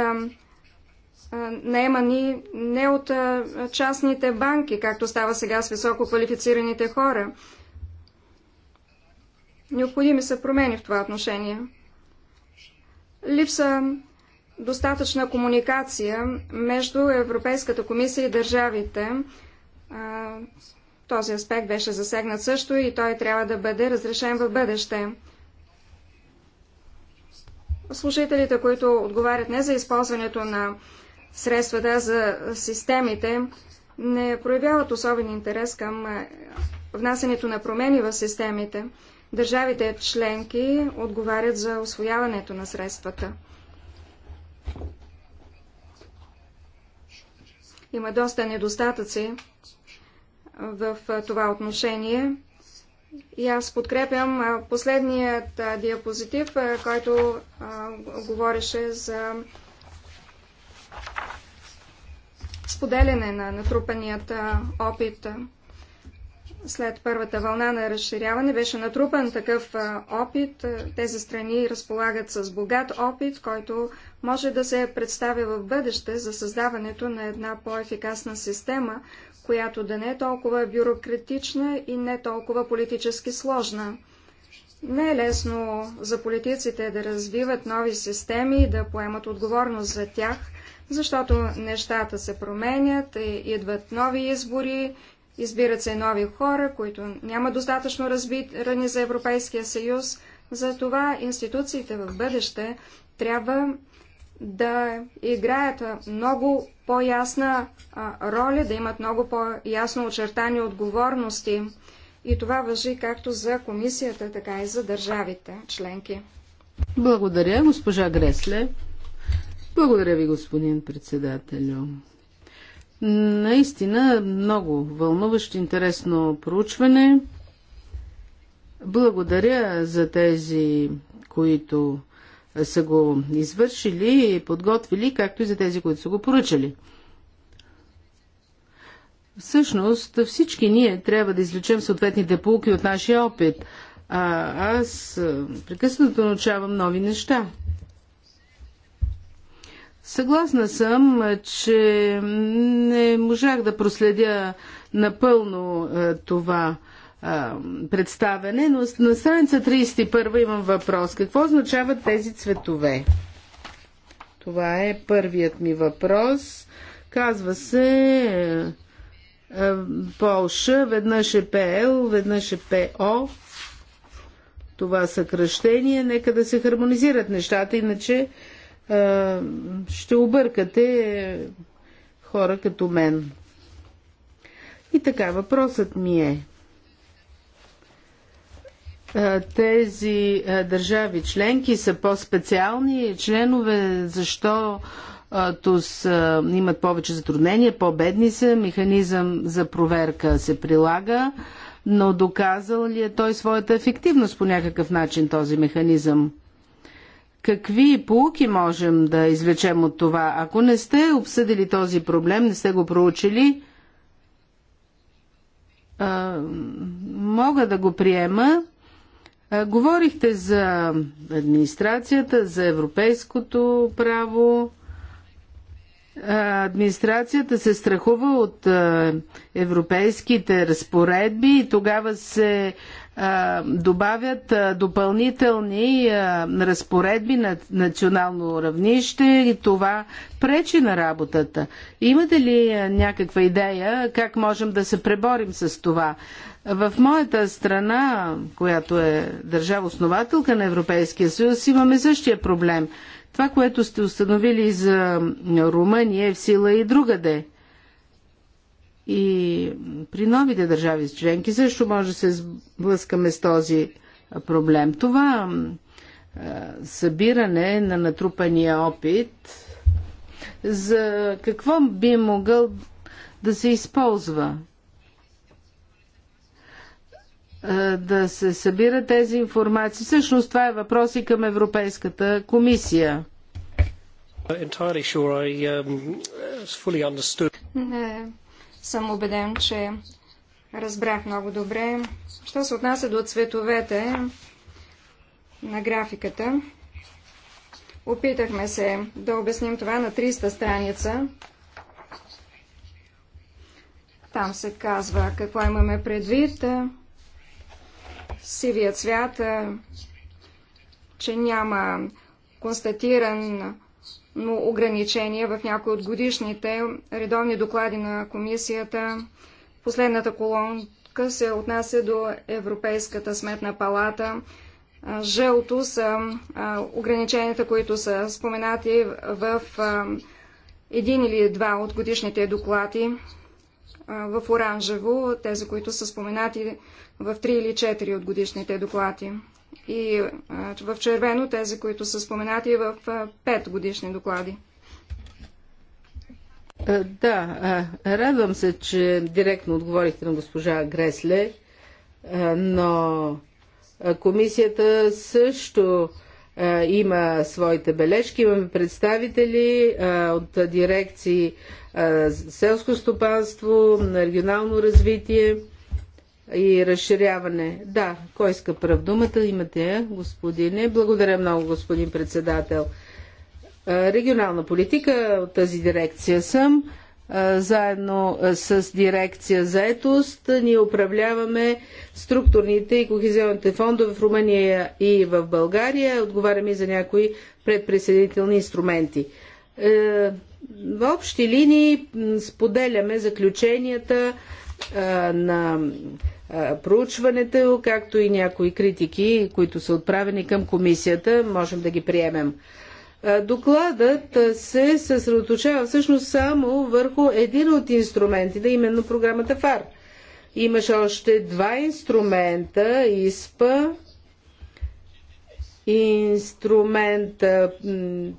наемани не от а, частните банки, както става сега с високо квалифицираните хора. Необходими са промени в това отношение. Липса достатъчна комуникация между Европейската комисия и държавите. Този аспект беше засегнат също и той трябва да бъде разрешен в бъдеще. Служителите, които отговарят не за използването на средствата за системите, не проявяват особен интерес към внасянето на промени в системите. Държавите членки отговарят за освояването на средствата. Има доста недостатъци в това отношение. И аз подкрепям последният диапозитив, който говореше за споделяне на натрупаният опит. След първата вълна на разширяване беше натрупан такъв опит. Тези страни разполагат с богат опит, който може да се представи в бъдеще за създаването на една по-ефикасна система, която да не е толкова бюрократична и не толкова политически сложна. Не е лесно за политиците да развиват нови системи и да поемат отговорност за тях, защото нещата се променят, е, идват нови избори Избират се нови хора, които няма достатъчно разбиране за Европейския съюз. Затова институциите в бъдеще трябва да играят много по-ясна роля, да имат много по-ясно очертани отговорности. И това въжи както за комисията, така и за държавите членки. Благодаря, госпожа Гресле. Благодаря ви, господин председателю. Наистина много вълнуващо, интересно проучване. Благодаря за тези, които са го извършили и подготвили, както и за тези, които са го поръчали. Всъщност всички ние трябва да извлечем съответните полки от нашия опит. А аз прекъснато научавам нови неща. Съгласна съм, че не можах да проследя напълно е, това е, представене, но на страница 31 имам въпрос. Какво означават тези цветове? Това е първият ми въпрос. Казва се е, Полша, веднъж е ПЛ, веднъж е ПО. Това съкръщение, нека да се хармонизират нещата, иначе е, ще объркате хора като мен. И така, въпросът ми е. е тези е, държави членки са по-специални членове, защото имат повече затруднения, по-бедни са, механизъм за проверка се прилага, но доказал ли е той своята ефективност по някакъв начин този механизъм? Какви полуки можем да извлечем от това? Ако не сте обсъдили този проблем, не сте го проучили, а, мога да го приема. А, говорихте за администрацията, за европейското право. А, администрацията се страхува от европейските разпоредби и тогава се добавят допълнителни разпоредби на национално равнище и това пречи на работата. Имате ли някаква идея как можем да се преборим с това? В моята страна, която е държава-основателка на Европейския съюз, имаме същия проблем. Това, което сте установили за Румъния е в сила и другаде. И при новите държави членки също може да се сблъскаме с този проблем. Това събиране на натрупания опит за какво би могъл да се използва да се събира тези информации. Всъщност това е въпрос и към Европейската комисия. Um, Не, съм убеден, че разбрах много добре. Що се отнася до цветовете на графиката, опитахме се да обясним това на 300 страница. Там се казва какво имаме предвид. Сивия цвят, че няма констатиран но ограничения в някои от годишните редовни доклади на комисията. Последната колонка се отнася до Европейската сметна палата. Жълто са ограниченията, които са споменати в един или два от годишните доклади. В оранжево тези, които са споменати в три или четири от годишните доклади и в червено тези, които са споменати в 5 годишни доклади. Е, да, радвам се, че директно отговорихте на госпожа Гресле, е, но комисията също е, има своите бележки. Имаме представители от дирекции селско стопанство, регионално развитие и разширяване. Да, кой иска прав думата? Имате я, господине. Благодаря много, господин председател. Регионална политика от тази дирекция съм. Заедно с дирекция за етост ние управляваме структурните и кохезионните фондове в Румъния и в България. Отговаряме и за някои предприсъединителни инструменти. В общи линии споделяме заключенията, на проучването, както и някои критики, които са отправени към комисията, можем да ги приемем. Докладът се съсредоточава всъщност само върху един от инструментите, именно програмата ФАР. Имаше още два инструмента, ИСПА, инструмент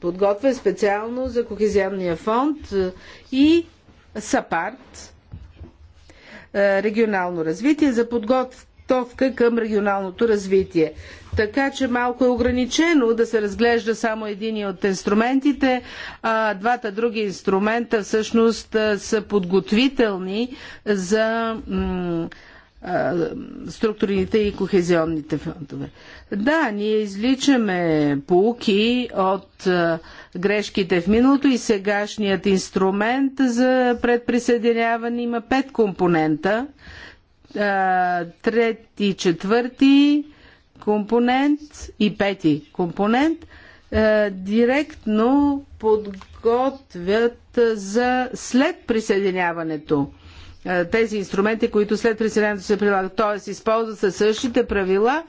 подготвен специално за Кохезионния фонд и САПАРТ, е, регионално развитие, за подготовка към регионалното развитие. Така че малко е ограничено да се разглежда само един от инструментите, а двата други инструмента всъщност е, са подготвителни за структурните и кохезионните фондове. Да, ние изличаме полуки от грешките в миналото и сегашният инструмент за предприсъединяване има пет компонента. Трети, четвърти компонент и пети компонент директно подготвят за след присъединяването е, тези инструменти, които след преселението се прилагат. Т.е. използват се същите правила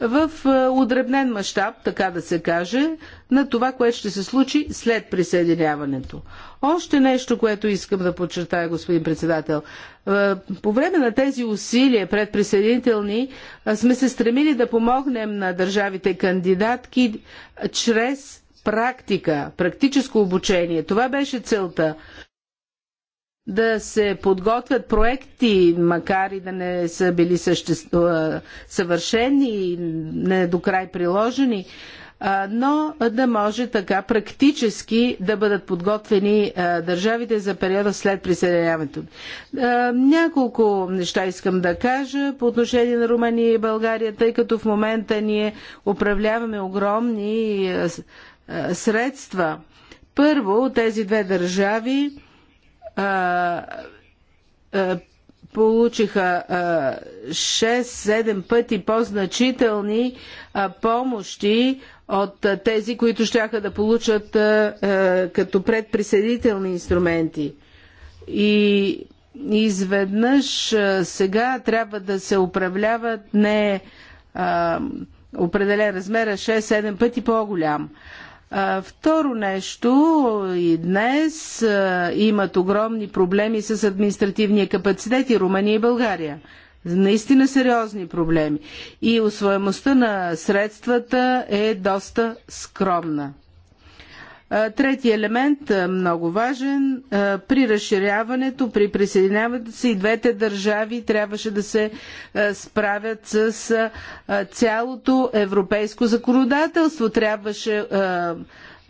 в е, удребнен мащаб, така да се каже, на това, което ще се случи след присъединяването. Още нещо, което искам да подчертая, господин председател. Е, по време на тези усилия предприсъединителни сме се стремили да помогнем на държавите кандидатки чрез практика, практическо обучение. Това беше целта да се подготвят проекти, макар и да не са били съвършени и не до край приложени, но да може така практически да бъдат подготвени държавите за периода след присъединяването. Няколко неща искам да кажа по отношение на Румъния и България, тъй като в момента ние управляваме огромни средства. Първо, тези две държави получиха 6-7 пъти по-значителни помощи от тези, които щяха да получат като предприседителни инструменти. И изведнъж сега трябва да се управляват не определен размер, а 6-7 пъти по-голям. Второ нещо, и днес имат огромни проблеми с административния капацитет и Румъния и България. Наистина сериозни проблеми. И освоемостта на средствата е доста скромна. Трети елемент, много важен, при разширяването, при присъединяването си и двете държави трябваше да се справят с цялото европейско законодателство. Трябваше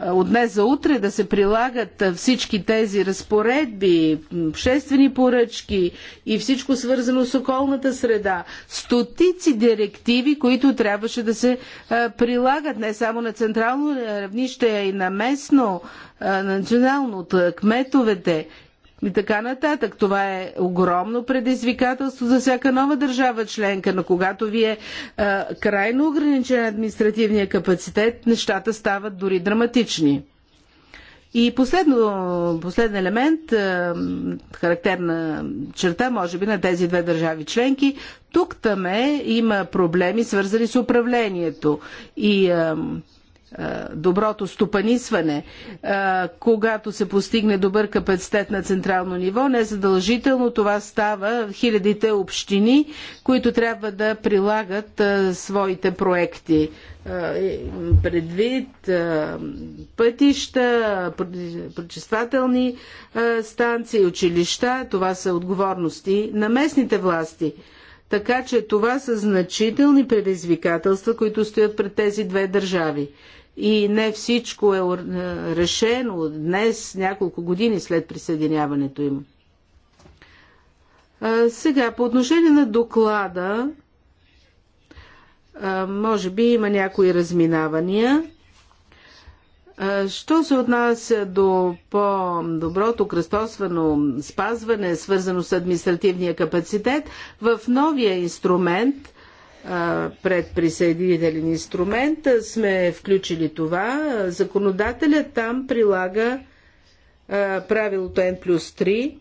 от днес за утре да се прилагат всички тези разпоредби, обществени поръчки и всичко свързано с околната среда. Стотици директиви, които трябваше да се прилагат не само на централно равнище, а и на местно, национално от кметовете и така нататък. Това е огромно предизвикателство за всяка нова държава членка, но когато ви е а, крайно ограничен административния капацитет, нещата стават дори драматични. И последно, последен елемент, е, характерна черта, може би, на тези две държави членки, тук таме има проблеми, свързани с управлението. И е, е, доброто стопанисване, е, когато се постигне добър капацитет на централно ниво, не задължително това става в хилядите общини, които трябва да прилагат е, своите проекти. Предвид пътища, прочиствателни станции, училища, това са отговорности на местните власти. Така че това са значителни предизвикателства, които стоят пред тези две държави и не всичко е, е решено днес, няколко години след присъединяването им. Сега, по отношение на доклада, може би има някои разминавания. Що се отнася до по-доброто кръстосвано спазване, свързано с административния капацитет, в новия инструмент предприсъединителен инструмент сме включили това. Законодателят там прилага правилото N плюс 3,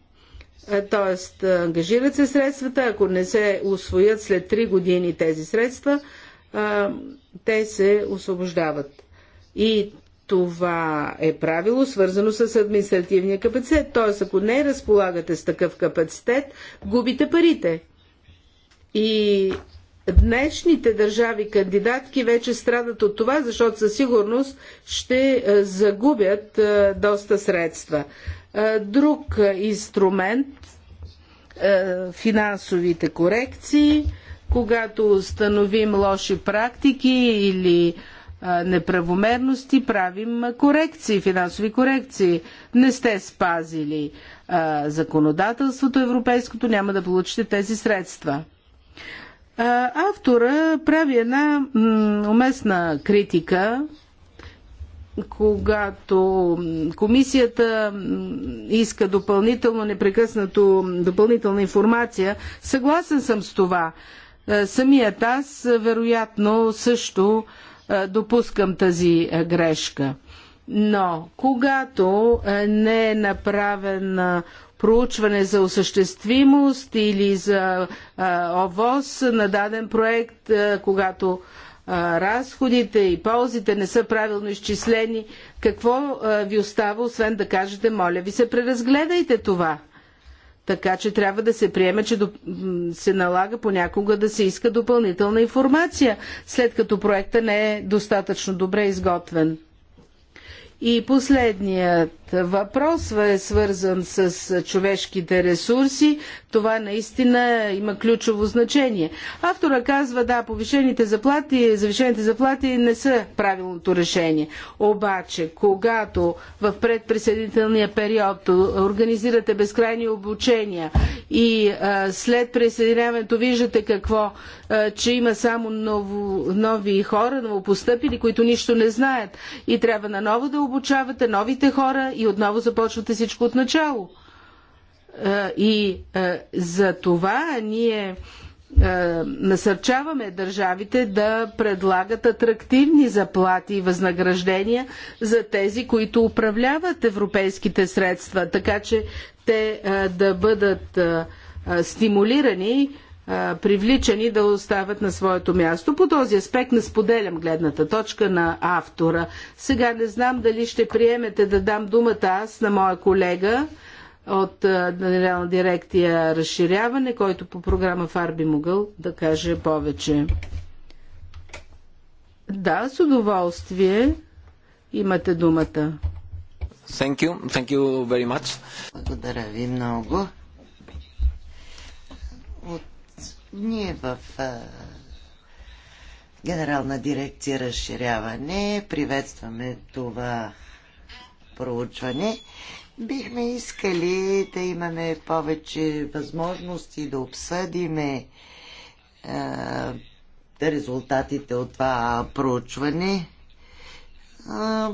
т.е. ангажират се средствата, ако не се освоят след 3 години тези средства, те се освобождават. И това е правило, свързано с административния капацитет. Т.е. ако не разполагате с такъв капацитет, губите парите. И Днешните държави кандидатки вече страдат от това, защото със сигурност ще е, загубят е, доста средства. Е, друг инструмент финансовите корекции, когато установим лоши практики или неправомерности, правим корекции, финансови корекции. Не сте спазили законодателството европейското, няма да получите тези средства. Автора прави една уместна критика, когато комисията иска допълнително, непрекъснато допълнителна информация. Съгласен съм с това. Самият аз, вероятно, също допускам тази грешка. Но, когато не е направена проучване за осъществимост или за овоз на даден проект, когато разходите и ползите не са правилно изчислени, какво ви остава, освен да кажете, моля ви се, преразгледайте това. Така че трябва да се приеме, че се налага понякога да се иска допълнителна информация, след като проекта не е достатъчно добре изготвен. И последният въпрос е свързан с човешките ресурси. Това наистина има ключово значение. Автора казва, да, повишените заплати, завишените заплати не са правилното решение. Обаче, когато в предприсъединителния период организирате безкрайни обучения и а, след присъединяването виждате какво, а, че има само ново, нови хора, новопостъпили, които нищо не знаят и трябва наново да обучавате новите хора и отново започвате всичко от начало. И за това ние насърчаваме държавите да предлагат атрактивни заплати и възнаграждения за тези, които управляват европейските средства, така че те да бъдат стимулирани привличани да остават на своето място. По този аспект не споделям гледната точка на автора. Сега не знам дали ще приемете да дам думата аз на моя колега от Генерална дирекция Разширяване, който по програма ФАР би могъл да каже повече. Да, с удоволствие имате думата. Thank you. Thank you very much. Благодаря ви много. От ние в Генерална дирекция разширяване приветстваме това проучване. Бихме искали да имаме повече възможности да обсъдиме а, резултатите от това проучване. А,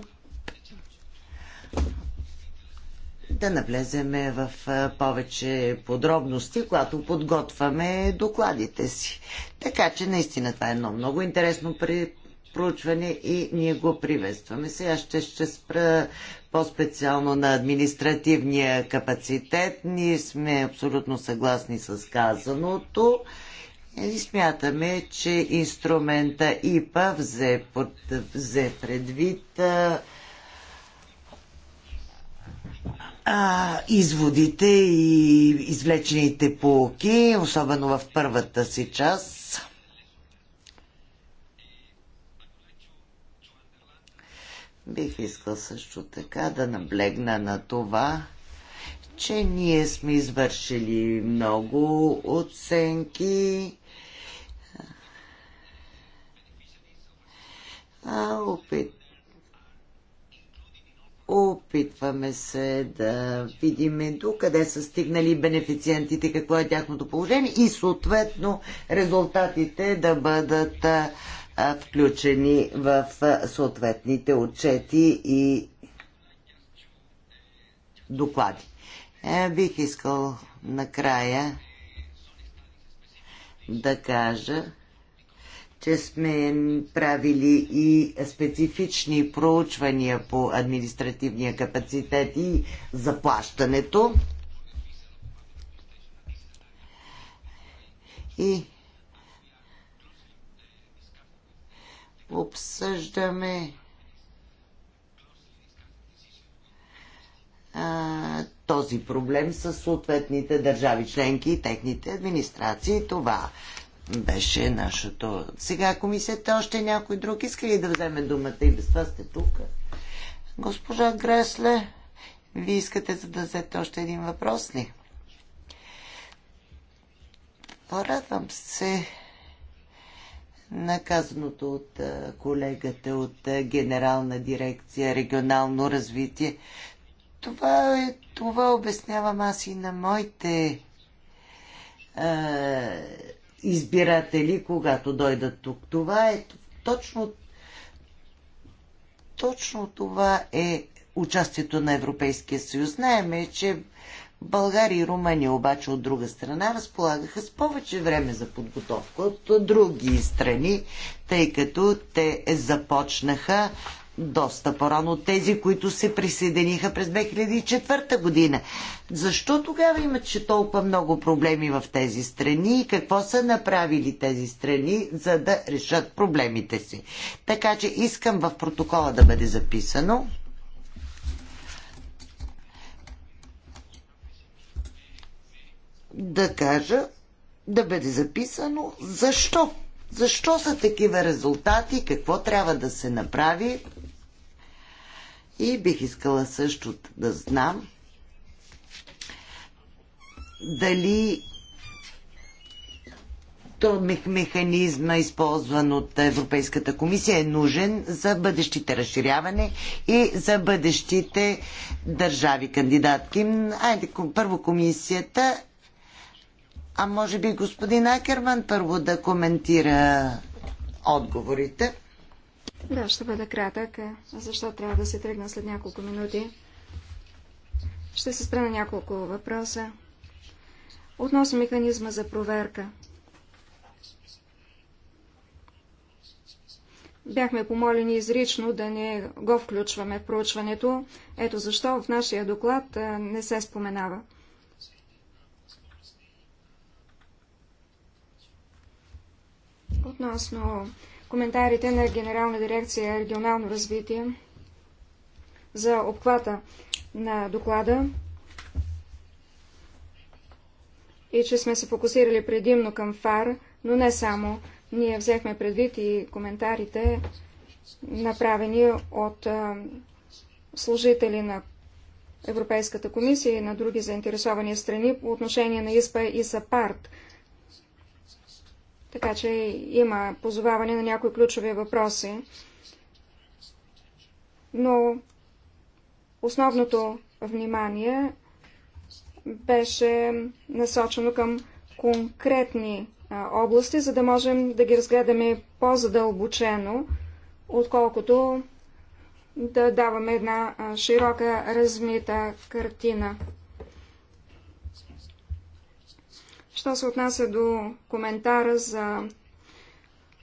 да навлеземе в повече подробности, когато подготвяме докладите си. Така че наистина това е едно много интересно при проучване и ние го приветстваме. Сега ще, ще спра по-специално на административния капацитет. Ние сме абсолютно съгласни с казаното и смятаме, че инструмента ИПА взе, под, взе предвид а, изводите и извлечените полки, особено в първата си част. Бих искал също така да наблегна на това, че ние сме извършили много оценки. А, опит Опитваме се да видим до къде са стигнали бенефициентите, какво е тяхното положение и съответно резултатите да бъдат включени в съответните отчети и доклади. Е, бих искал накрая да кажа, че сме правили и специфични проучвания по административния капацитет и заплащането. И обсъждаме а, този проблем с съответните държави членки и техните администрации. Това беше нашето. Сега комисията още някой друг иска ли да вземе думата и без това сте тук? Госпожа Гресле, вие искате за да взете още един въпрос ли? Порадвам се наказаното от колегата от Генерална дирекция регионално развитие. Това, е, това обяснявам аз и на моите избиратели, когато дойдат тук. Това е точно точно това е участието на Европейския съюз. Знаеме, че България и Румъния обаче от друга страна разполагаха с повече време за подготовка от други страни, тъй като те започнаха доста по-рано от тези, които се присъединиха през 2004 година. Защо тогава имаше толкова много проблеми в тези страни и какво са направили тези страни, за да решат проблемите си? Така че искам в протокола да бъде записано. Да кажа, да бъде записано защо. Защо са такива резултати, какво трябва да се направи, и бих искала също да знам дали то механизма, използван от Европейската комисия, е нужен за бъдещите разширяване и за бъдещите държави кандидатки. Айде, първо комисията, а може би господин Акерман първо да коментира отговорите. Да, ще бъда кратък, защо трябва да се тръгна след няколко минути. Ще се спра на няколко въпроса. Относно механизма за проверка. Бяхме помолени изрично да не го включваме в проучването. Ето защо в нашия доклад не се споменава. Относно коментарите на Генерална дирекция регионално развитие за обхвата на доклада и че сме се фокусирали предимно към ФАР, но не само. Ние взехме предвид и коментарите, направени от служители на Европейската комисия и на други заинтересовани страни по отношение на ИСПА и САПАРТ – така че има позоваване на някои ключови въпроси. Но основното внимание беше насочено към конкретни области, за да можем да ги разгледаме по-задълбочено, отколкото да даваме една широка размита картина. Що се отнася до коментара за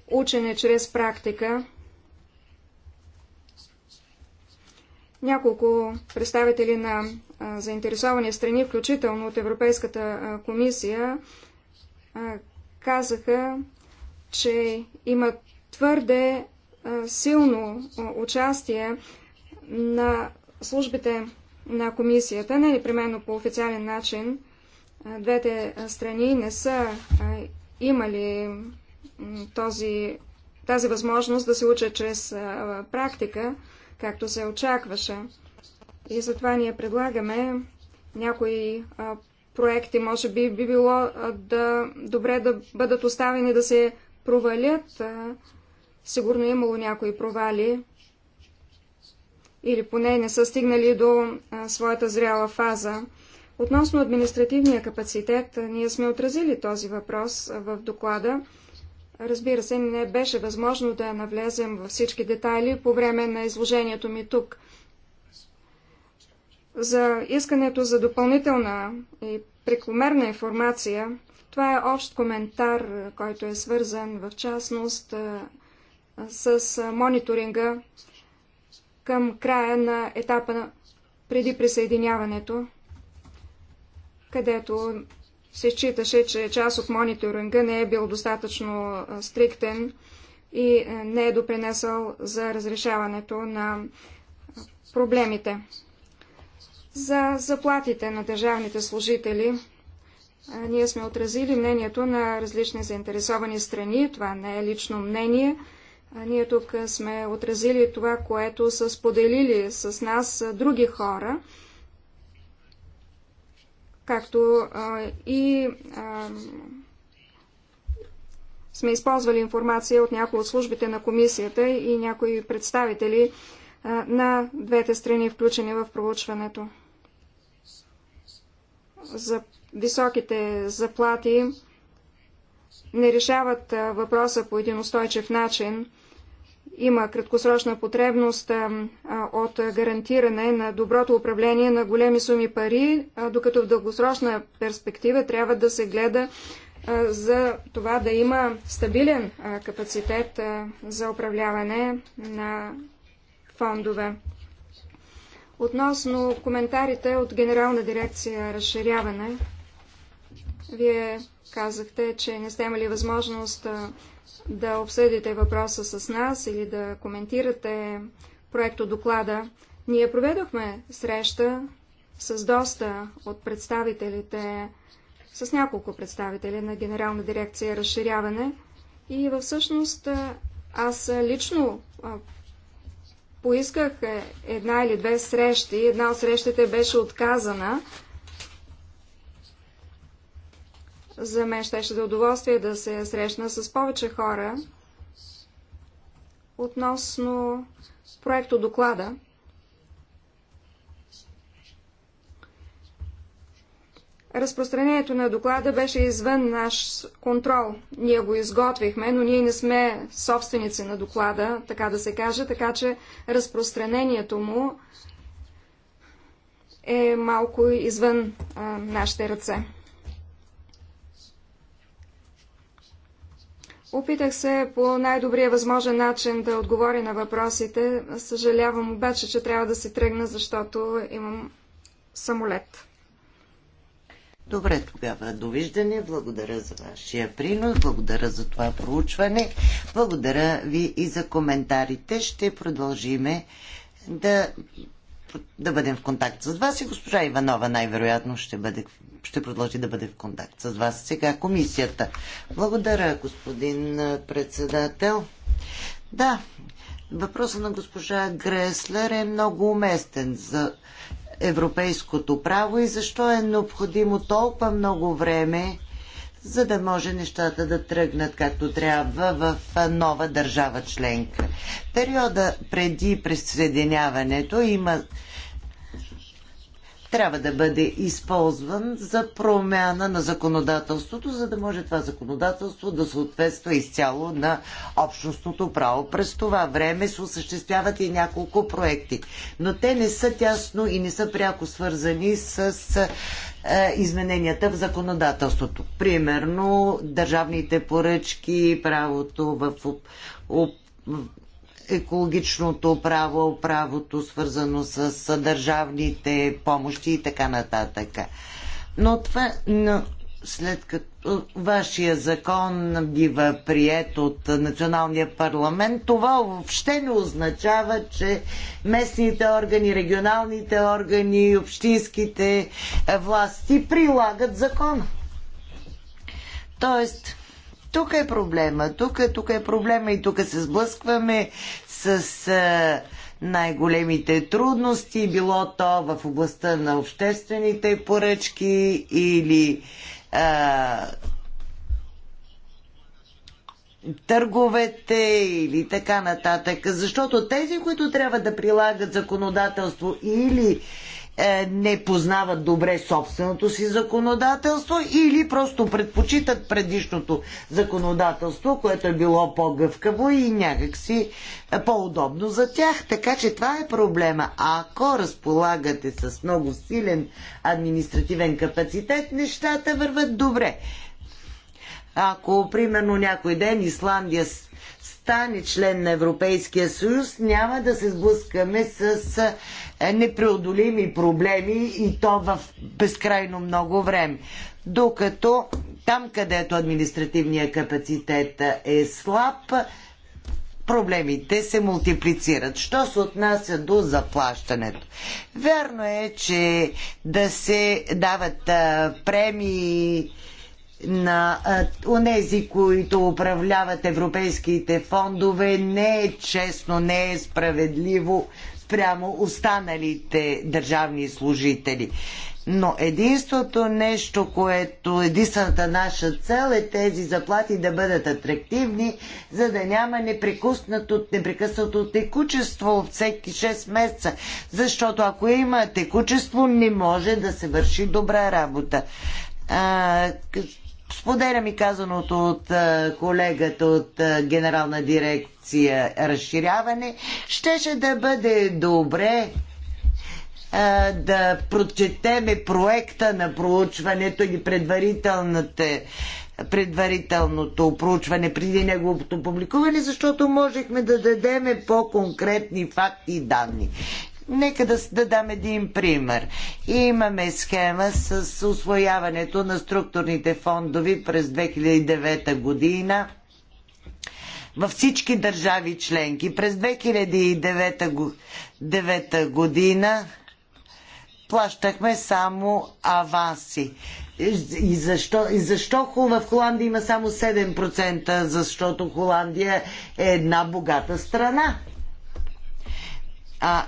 учене чрез практика, няколко представители на заинтересовани страни, включително от Европейската комисия, казаха, че има твърде силно участие на службите на комисията, не непременно по официален начин, двете страни не са имали този, тази възможност да се учат чрез практика, както се очакваше. И затова ние предлагаме някои проекти, може би би било да, добре да бъдат оставени да се провалят. Сигурно е имало някои провали или поне не са стигнали до своята зряла фаза. Относно административния капацитет, ние сме отразили този въпрос в доклада. Разбира се, не беше възможно да навлезем във всички детайли по време на изложението ми тук. За искането за допълнителна и прекомерна информация, това е общ коментар, който е свързан в частност с мониторинга към края на етапа преди присъединяването където се считаше, че част от мониторинга не е бил достатъчно стриктен и не е допринесъл за разрешаването на проблемите. За заплатите на държавните служители ние сме отразили мнението на различни заинтересовани страни. Това не е лично мнение. Ние тук сме отразили това, което са споделили с нас други хора – както а, и а, сме използвали информация от някои от службите на комисията и някои представители а, на двете страни, включени в проучването. За високите заплати не решават въпроса по един устойчив начин – има краткосрочна потребност от гарантиране на доброто управление на големи суми пари, докато в дългосрочна перспектива трябва да се гледа за това да има стабилен капацитет за управляване на фондове. Относно коментарите от Генерална дирекция разширяване, вие казахте, че не сте имали възможност да обсъдите въпроса с нас или да коментирате проекто доклада. Ние проведохме среща с доста от представителите, с няколко представители на Генерална дирекция разширяване и всъщност аз лично поисках е, една или две срещи. Една от срещите беше отказана, За мен щеше да е удоволствие да се срещна с повече хора относно проекто доклада. Разпространението на доклада беше извън наш контрол. Ние го изготвихме, но ние не сме собственици на доклада, така да се каже, така че разпространението му е малко извън а, нашите ръце. Опитах се по най-добрия възможен начин да отговоря на въпросите. Съжалявам обаче, че трябва да се тръгна, защото имам самолет. Добре, тогава довиждане. Благодаря за вашия принос, благодаря за това проучване, благодаря ви и за коментарите. Ще продължиме да, да бъдем в контакт с вас и госпожа Иванова най-вероятно ще бъде ще продължи да бъде в контакт с вас. Сега комисията. Благодаря, господин председател. Да, въпросът на госпожа Греслер е много уместен за европейското право и защо е необходимо толкова много време, за да може нещата да тръгнат както трябва в нова държава членка. Периода преди присъединяването има трябва да бъде използван за промяна на законодателството, за да може това законодателство да съответства изцяло на общностното право. През това време се осъществяват и няколко проекти, но те не са тясно и не са пряко свързани с е, измененията в законодателството. Примерно държавните поръчки, правото в екологичното право, правото свързано с държавните помощи и така нататък. Но това, но след като вашия закон бива прият от националния парламент, това въобще не означава, че местните органи, регионалните органи, общинските власти прилагат закона. Тоест, тук е проблема. Тук, тук е проблема и тук се сблъскваме с а, най-големите трудности, било то в областта на обществените поръчки или а, търговете или така нататък. Защото тези, които трябва да прилагат законодателство или е, не познават добре собственото си законодателство или просто предпочитат предишното законодателство, което е било по-гъвкаво и някакси е, по-удобно за тях. Така че това е проблема. А ако разполагате с много силен административен капацитет, нещата върват добре. Ако, примерно, някой ден Исландия стане член на Европейския съюз, няма да се сблъскаме с е, е, непреодолими проблеми и то в безкрайно много време. Докато там, където административният капацитет е слаб, проблемите се мултиплицират. Що се отнася до заплащането? Верно е, че да се дават премии на онези, които управляват европейските фондове, не е честно, не е справедливо спрямо останалите държавни служители. Но единството нещо, което е единствената наша цел е тези заплати да бъдат атрактивни, за да няма непрекъснато, непрекъснато текучество всеки 6 месеца. Защото ако има текучество, не може да се върши добра работа. А, Споделям и казаното от колегата от Генерална дирекция разширяване. Щеше да бъде добре да прочетеме проекта на проучването и предварителните предварителното проучване преди неговото публикуване, защото можехме да дадеме по-конкретни факти и данни. Нека да, да дам един пример. Имаме схема с освояването на структурните фондови през 2009 година във всички държави членки. През 2009 година плащахме само аванси. И защо, и защо в Холандия има само 7%? Защото Холандия е една богата страна. А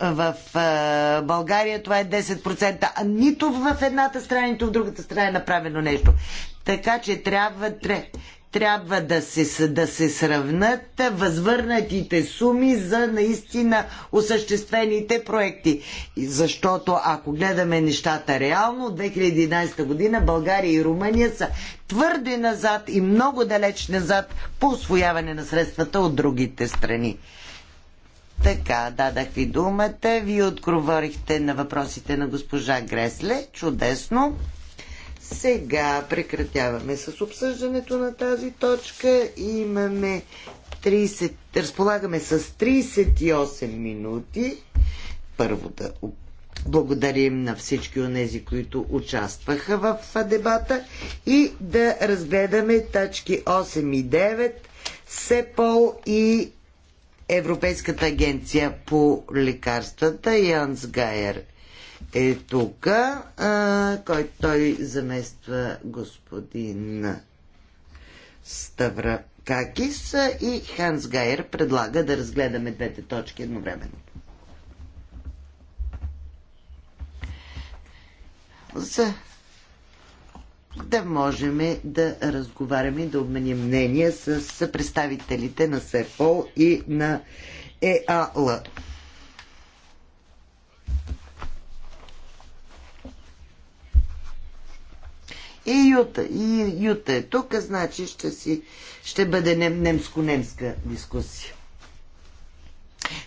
в а, България това е 10%, а нито в едната страна, нито в другата страна е направено нещо. Така че трябва, трябва да, се, да се сравнат възвърнатите суми за наистина осъществените проекти. Защото ако гледаме нещата реално, от 2011 година България и Румъния са твърде назад и много далеч назад по освояване на средствата от другите страни. Така, дадах ви думата. Вие отговорихте на въпросите на госпожа Гресле. Чудесно. Сега прекратяваме с обсъждането на тази точка. Имаме 30, разполагаме с 38 минути. Първо да благодарим на всички от тези, които участваха в дебата и да разгледаме точки 8 и 9, СЕПОЛ и Европейската агенция по лекарствата. Янс Гайер е тук, който той замества господин Ставра Какис и Ханс Гайер предлага да разгледаме двете точки едновременно. За да можем да разговаряме и да обменим мнения с представителите на СЕФО и на ЕАЛ. И Юта, и Юта е тук, значи ще, си, ще бъде нем, немско-немска дискусия.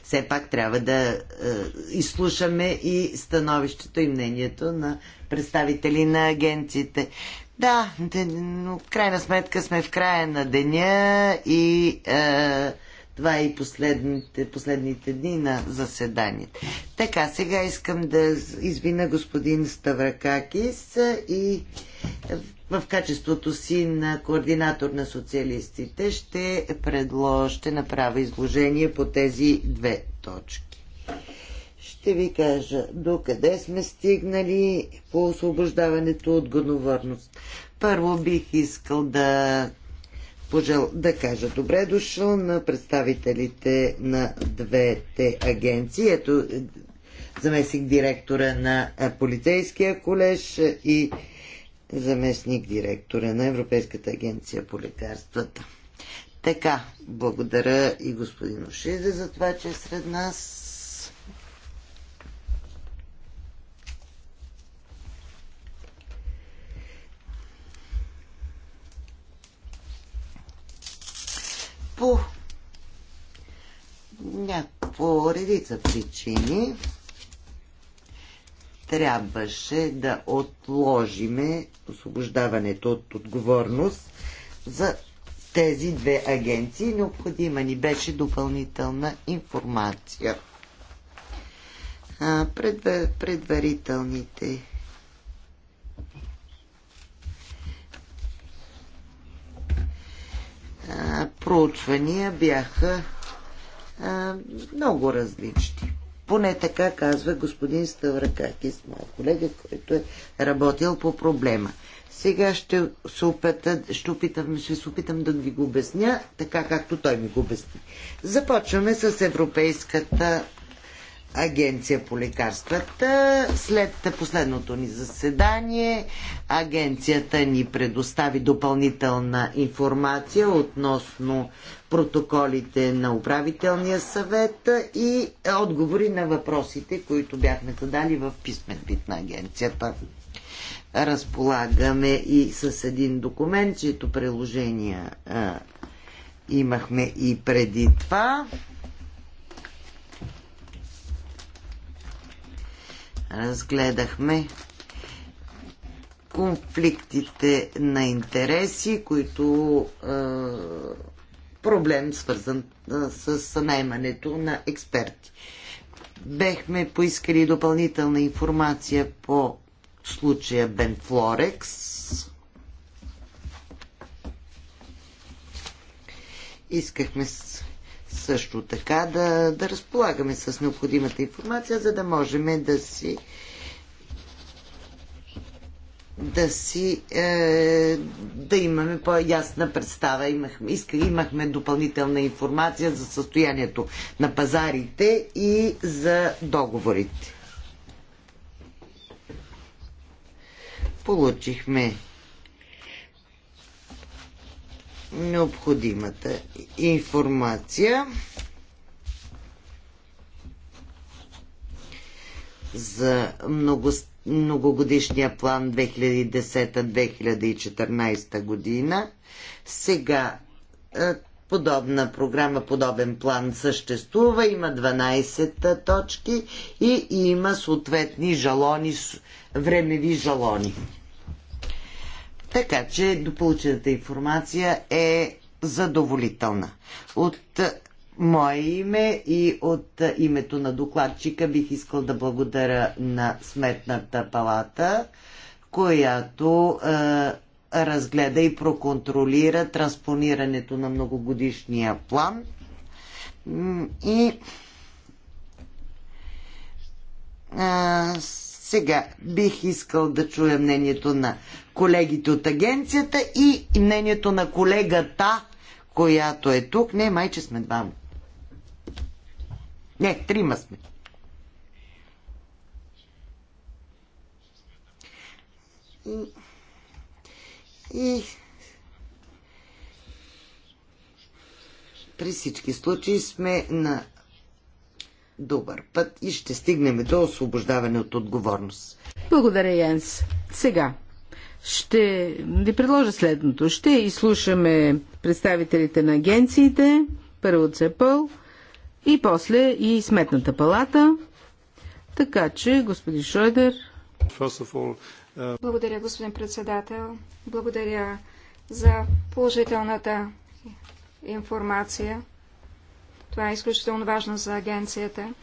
Все пак трябва да е, изслушаме и становището и мнението на представители на агенциите. Да, но в крайна сметка сме в края на деня и е, това е и последните, последните дни на заседанието. Така, сега искам да извина господин Ставракакис и в качеството си на координатор на социалистите ще, предложа, ще направя изложение по тези две точки ще ви кажа до къде сме стигнали по освобождаването от отговорност. Първо бих искал да, пожел... да кажа добре дошъл на представителите на двете агенции. Ето заместник директора на е, полицейския колеж и заместник директора на Европейската агенция по лекарствата. Така, благодаря и господин Ошиде за това, че е сред нас. по някакво редица причини трябваше да отложиме освобождаването от отговорност за тези две агенции. Необходима ни беше допълнителна информация. А, предварителните проучвания бяха а, много различни. Поне така казва господин Ставракакис, моят колега, който е работил по проблема. Сега ще се опитам, ще опитам, ще се опитам да ви го обясня, така както той ми го обясни. Започваме с Европейската агенция по лекарствата. След последното ни заседание агенцията ни предостави допълнителна информация относно протоколите на управителния съвет и отговори на въпросите, които бяхме задали в писмен вид на агенцията. Разполагаме и с един документ, чието приложения а, имахме и преди това. разгледахме конфликтите на интереси, които е, проблем свързан е, с найемането на експерти. Бехме поискали допълнителна информация по случая Бенфлорекс. Искахме също така да, да разполагаме с необходимата информация, за да можем да си да си е, да имаме по-ясна представа. Имахме, иска, имахме допълнителна информация за състоянието на пазарите и за договорите. Получихме необходимата информация за много, многогодишния план 2010-2014 година. Сега е, подобна програма, подобен план съществува, има 12 е, точки и има съответни жалони, времеви жалони. Така че получената информация е задоволителна. От е, мое име и от е, името на докладчика бих искал да благодаря на Сметната палата, която е, разгледа и проконтролира транспонирането на многогодишния план и е, сега бих искал да чуя мнението на колегите от агенцията и мнението на колегата, която е тук. Не, майче сме двама. Не, трима сме. И, и при всички случаи сме на добър път и ще стигнем до освобождаване от отговорност. Благодаря, Янс. Сега ще ви предложа следното. Ще изслушаме представителите на агенциите, първо ЦЕПъл и после и Сметната палата. Така че, господин Шойдер. All, uh... Благодаря, господин председател. Благодаря за положителната информация. Това е изключително важно за агенцията.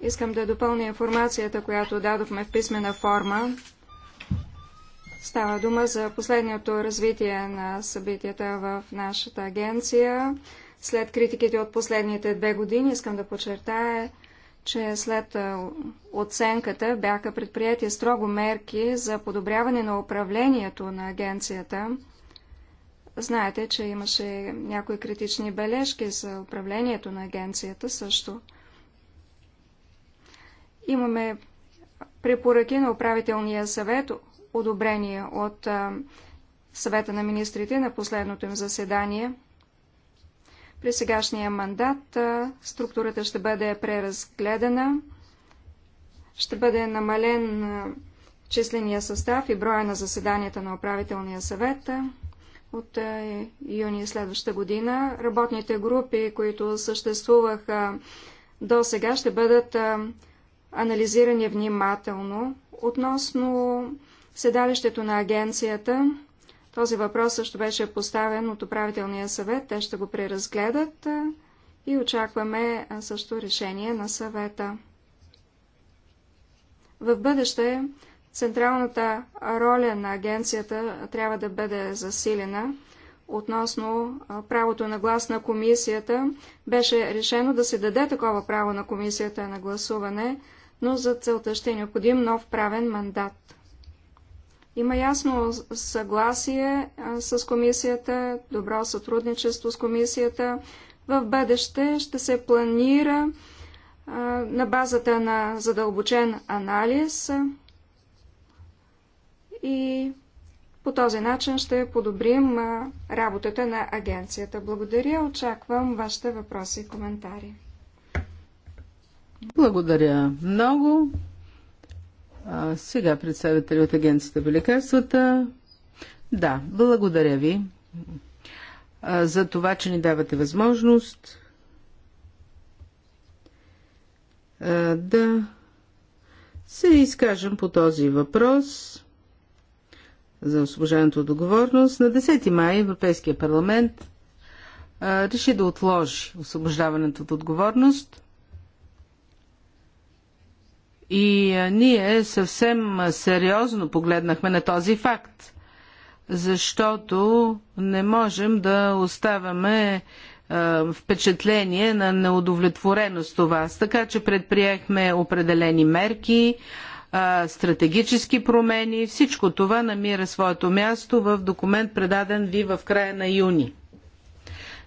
Искам да допълня информацията, която дадохме в писмена форма. Става дума за последното развитие на събитията в нашата агенция. След критиките от последните две години искам да подчертая, че след оценката бяха предприяти строго мерки за подобряване на управлението на агенцията. Знаете, че имаше някои критични бележки за управлението на агенцията също. Имаме препоръки на управителния съвет, одобрение от съвета на министрите на последното им заседание. При сегашния мандат структурата ще бъде преразгледана, ще бъде намален числения състав и броя на заседанията на управителния съвет от е, юни следващата година. Работните групи, които съществуваха до сега, ще бъдат е, анализирани внимателно. Относно седалището на агенцията, този въпрос също беше поставен от управителния съвет. Те ще го преразгледат е, и очакваме също решение на съвета. В бъдеще Централната роля на агенцията трябва да бъде засилена. Относно правото на глас на комисията, беше решено да се даде такова право на комисията на гласуване, но за целта ще е необходим нов правен мандат. Има ясно съгласие с комисията, добро сътрудничество с комисията. В бъдеще ще се планира на базата на задълбочен анализ и по този начин ще подобрим работата на агенцията. Благодаря, очаквам вашите въпроси и коментари. Благодаря много. А, сега представители от Агенцията по лекарствата. Да, благодаря ви а, за това, че ни давате възможност а, да се изкажем по този въпрос за освобождането от договорност, на 10 май Европейския парламент а, реши да отложи освобождаването от отговорност. И а, ние съвсем сериозно погледнахме на този факт, защото не можем да оставяме а, впечатление на неудовлетвореност това. Така че предприехме определени мерки, а, стратегически промени. Всичко това намира своето място в документ, предаден ви в края на юни.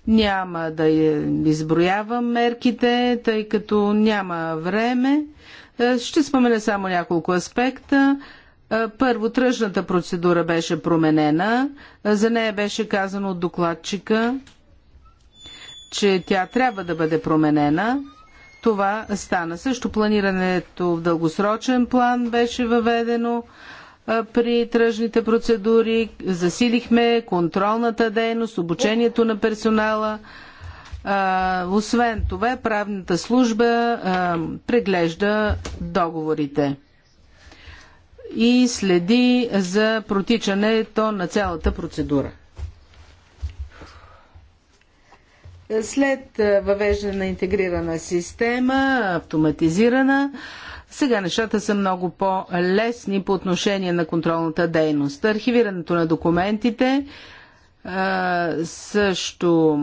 Няма да е, изброявам мерките, тъй като няма време. Е, ще спомена само няколко аспекта. Е, първо, тръжната процедура беше променена. За нея беше казано от докладчика, че тя трябва да бъде променена това стана. Също планирането в дългосрочен план беше въведено при тръжните процедури, засилихме контролната дейност, обучението на персонала. Освен това, правната служба преглежда договорите и следи за протичането на цялата процедура. След въвеждане на интегрирана система, автоматизирана, сега нещата са много по-лесни по отношение на контролната дейност. Архивирането на документите също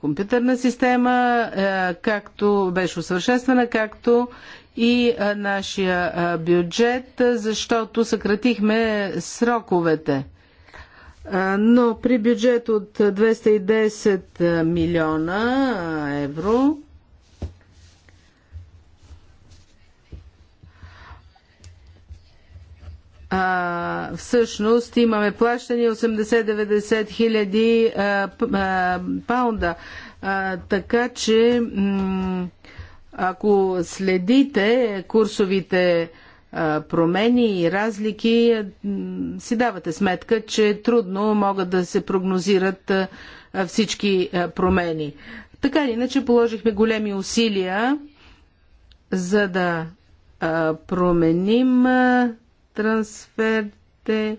компютърна система, както беше усъвършенствана, както и нашия бюджет, защото съкратихме сроковете но при бюджет от 210 милиона евро а, всъщност имаме плащани 80-90 хиляди паунда. А, така че ако следите курсовите промени и разлики, си давате сметка, че трудно могат да се прогнозират всички промени. Така или иначе положихме големи усилия за да променим трансферите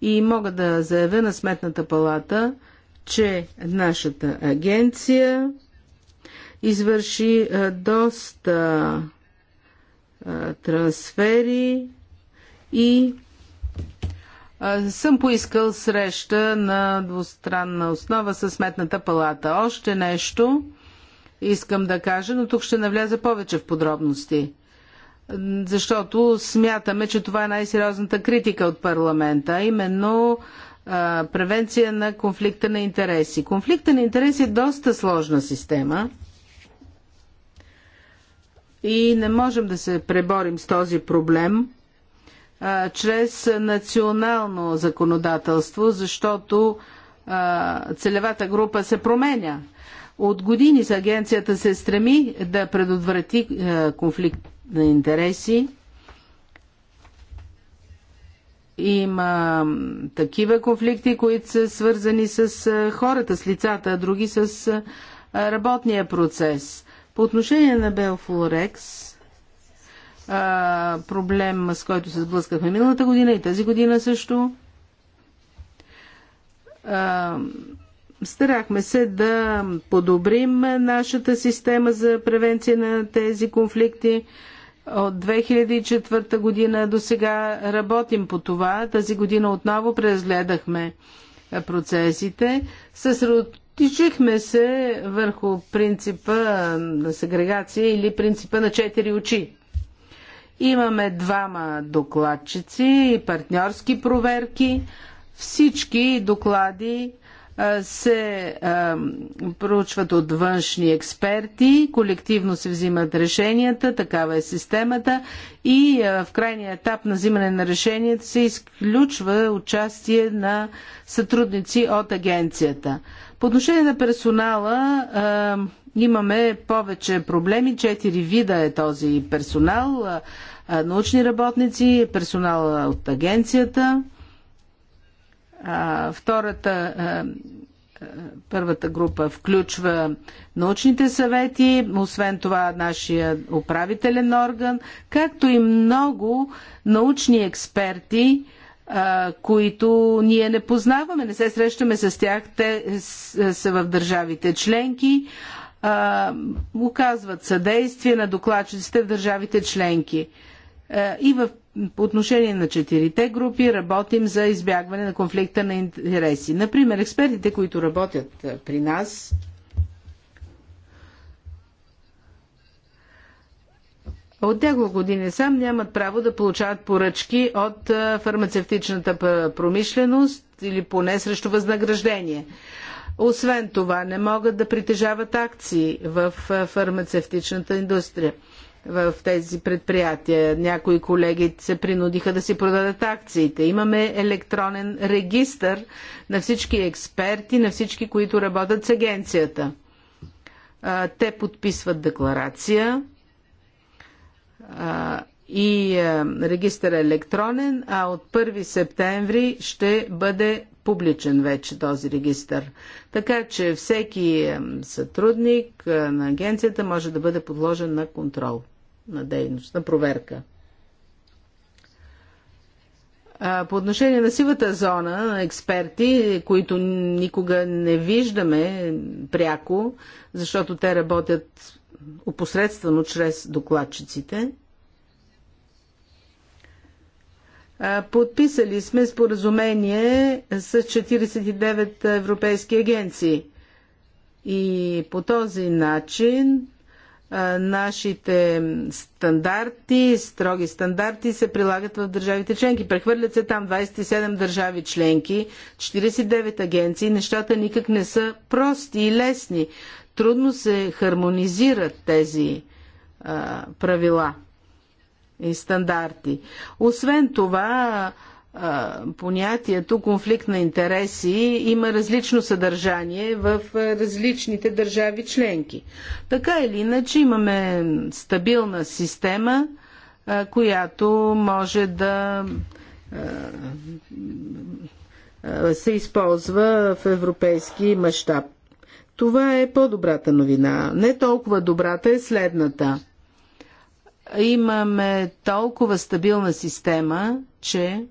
и мога да заявя на Сметната палата, че нашата агенция извърши доста трансфери и съм поискал среща на двустранна основа с Сметната палата. Още нещо искам да кажа, но тук ще навляза повече в подробности. Защото смятаме, че това е най-сериозната критика от парламента, именно превенция на конфликта на интереси. Конфликта на интереси е доста сложна система – и не можем да се преборим с този проблем а, чрез национално законодателство, защото а, целевата група се променя. От години с агенцията се стреми да предотврати а, конфликт на интереси. Има такива конфликти, които са свързани с хората, с лицата, а други с работния процес. По отношение на Белфлорекс, проблем с който се сблъскахме миналата година и тази година също, старахме се да подобрим нашата система за превенция на тези конфликти. От 2004 година до сега работим по това. Тази година отново преразгледахме процесите. Съсредоточили Кичихме се върху принципа на сегрегация или принципа на четири очи. Имаме двама докладчици, партньорски проверки. Всички доклади се а, проучват от външни експерти, колективно се взимат решенията, такава е системата и а, в крайния етап на взимане на решенията се изключва участие на сътрудници от агенцията. По отношение на персонала имаме повече проблеми. Четири вида е този персонал. Научни работници, персонал от агенцията. Втората първата група включва научните съвети, освен това нашия управителен орган, както и много научни експерти, които ние не познаваме, не се срещаме с тях. Те са в държавите членки, оказват съдействие на докладчиците в държавите членки. И в, по отношение на четирите групи работим за избягване на конфликта на интереси. Например, експертите, които работят при нас, от няколко години сам нямат право да получават поръчки от фармацевтичната промишленост или поне срещу възнаграждение. Освен това, не могат да притежават акции в фармацевтичната индустрия в тези предприятия. Някои колеги се принудиха да си продадат акциите. Имаме електронен регистър на всички експерти, на всички, които работят с агенцията. Те подписват декларация и регистър е електронен, а от 1 септември ще бъде публичен вече този регистър. Така че всеки сътрудник на агенцията може да бъде подложен на контрол, на дейност, на проверка. По отношение на сивата зона, на експерти, които никога не виждаме пряко, защото те работят опосредствено чрез докладчиците, Подписали сме споразумение с 49 европейски агенции. И по този начин нашите стандарти, строги стандарти се прилагат в държавите членки. Прехвърлят се там 27 държави членки, 49 агенции. Нещата никак не са прости и лесни. Трудно се хармонизират тези а, правила и стандарти. Освен това, понятието конфликт на интереси има различно съдържание в различните държави членки. Така или иначе имаме стабилна система, която може да се използва в европейски мащаб. Това е по-добрата новина. Не толкова добрата е следната – имаме толкова стабилна система, че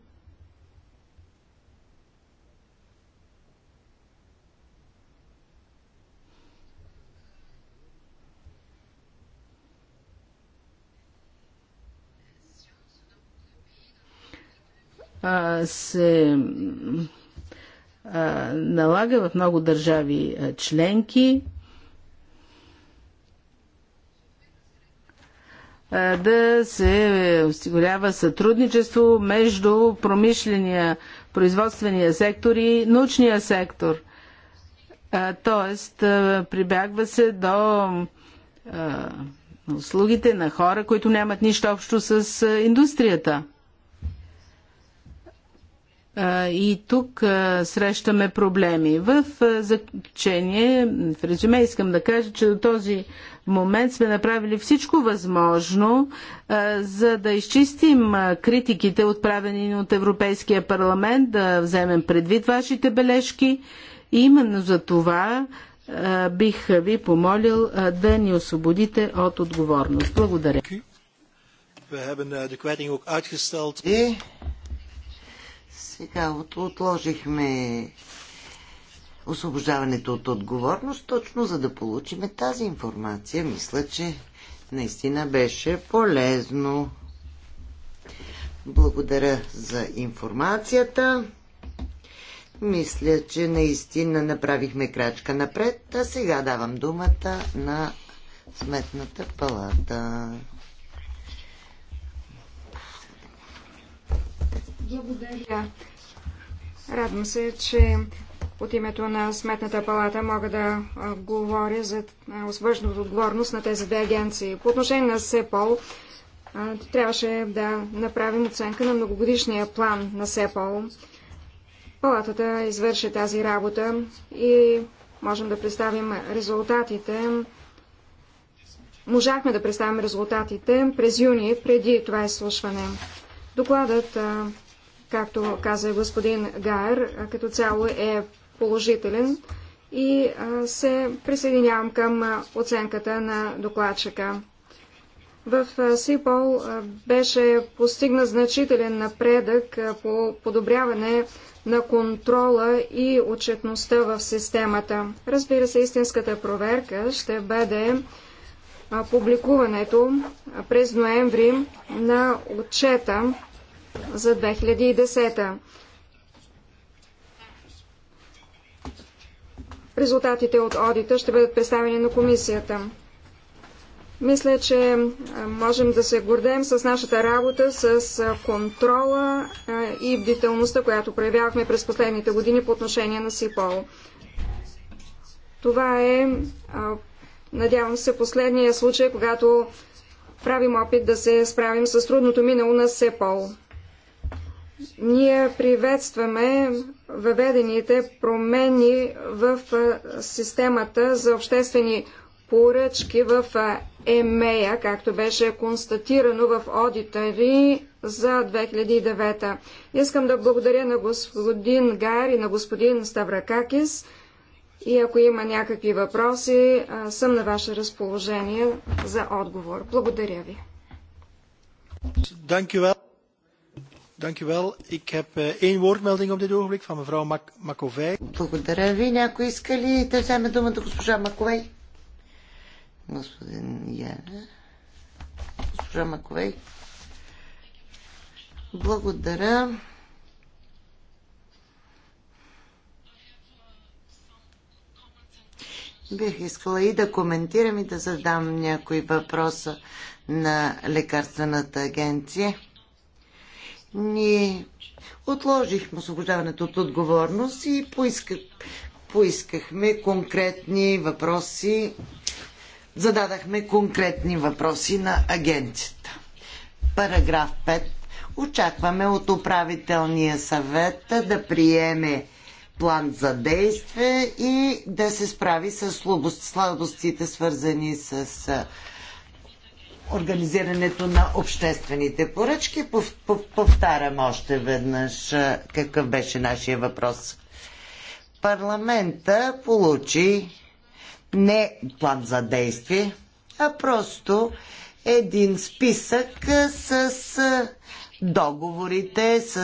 се налага в много държави членки Е, да се осигурява сътрудничество между промишления, производствения сектор и научния сектор. Е, тоест, е, прибягва се до услугите на хора, които нямат нищо общо с индустрията. И тук срещаме проблеми. В заключение, в резюме искам да кажа, че до този момент сме направили всичко възможно, е, за да изчистим е, критиките, отправени от Европейския парламент, да вземем предвид вашите бележки. И именно за това е, бих ви помолил да ни освободите от отговорност. Благодаря. И сега отложихме освобождаването от отговорност, точно за да получиме тази информация. Мисля, че наистина беше полезно. Благодаря за информацията. Мисля, че наистина направихме крачка напред, а сега давам думата на Сметната палата. Благодаря. Радвам се, че от името на Сметната палата мога да говоря за освършната отговорност на тези две агенции. По отношение на СЕПОЛ, трябваше да направим оценка на многогодишния план на СЕПОЛ. Палатата извърши тази работа и можем да представим резултатите. Можахме да представим резултатите през юни, преди това изслушване. Докладът, както каза господин Гайер, като цяло е положителен и се присъединявам към оценката на докладчика. В СИПОЛ беше постигнат значителен напредък по подобряване на контрола и отчетността в системата. Разбира се, истинската проверка ще бъде публикуването през ноември на отчета за 2010. Резултатите от одита ще бъдат представени на комисията. Мисля, че можем да се гордем с нашата работа, с контрола и бдителността, която проявявахме през последните години по отношение на СИПОЛ. Това е, надявам се, последния случай, когато правим опит да се справим с трудното минало на СЕПОЛ. Ние приветстваме въведените промени в системата за обществени поръчки в ЕМЕЯ, както беше констатирано в аудитори за 2009. Искам да благодаря на господин Гар и на господин Ставракакис. И ако има някакви въпроси, съм на ваше разположение за отговор. Благодаря ви. Dank u wel. Ik heb uh, één woordmelding op dit ogenblik van mevrouw Маковей. Благодаря ви. Някой иска ли да вземе думата госпожа Маковей? Господин Яна. Госпожа Маковей. Благодаря. Бих искала и да коментирам и да задам някои въпроса на Лекарствената агенция ние отложихме освобождаването от отговорност и поисках, поискахме конкретни въпроси, зададахме конкретни въпроси на агенцията. Параграф 5. Очакваме от управителния съвет да приеме план за действие и да се справи с слабостите, свързани с организирането на обществените поръчки. Повтарям още веднъж какъв беше нашия въпрос. Парламента получи не план за действие, а просто един списък с договорите с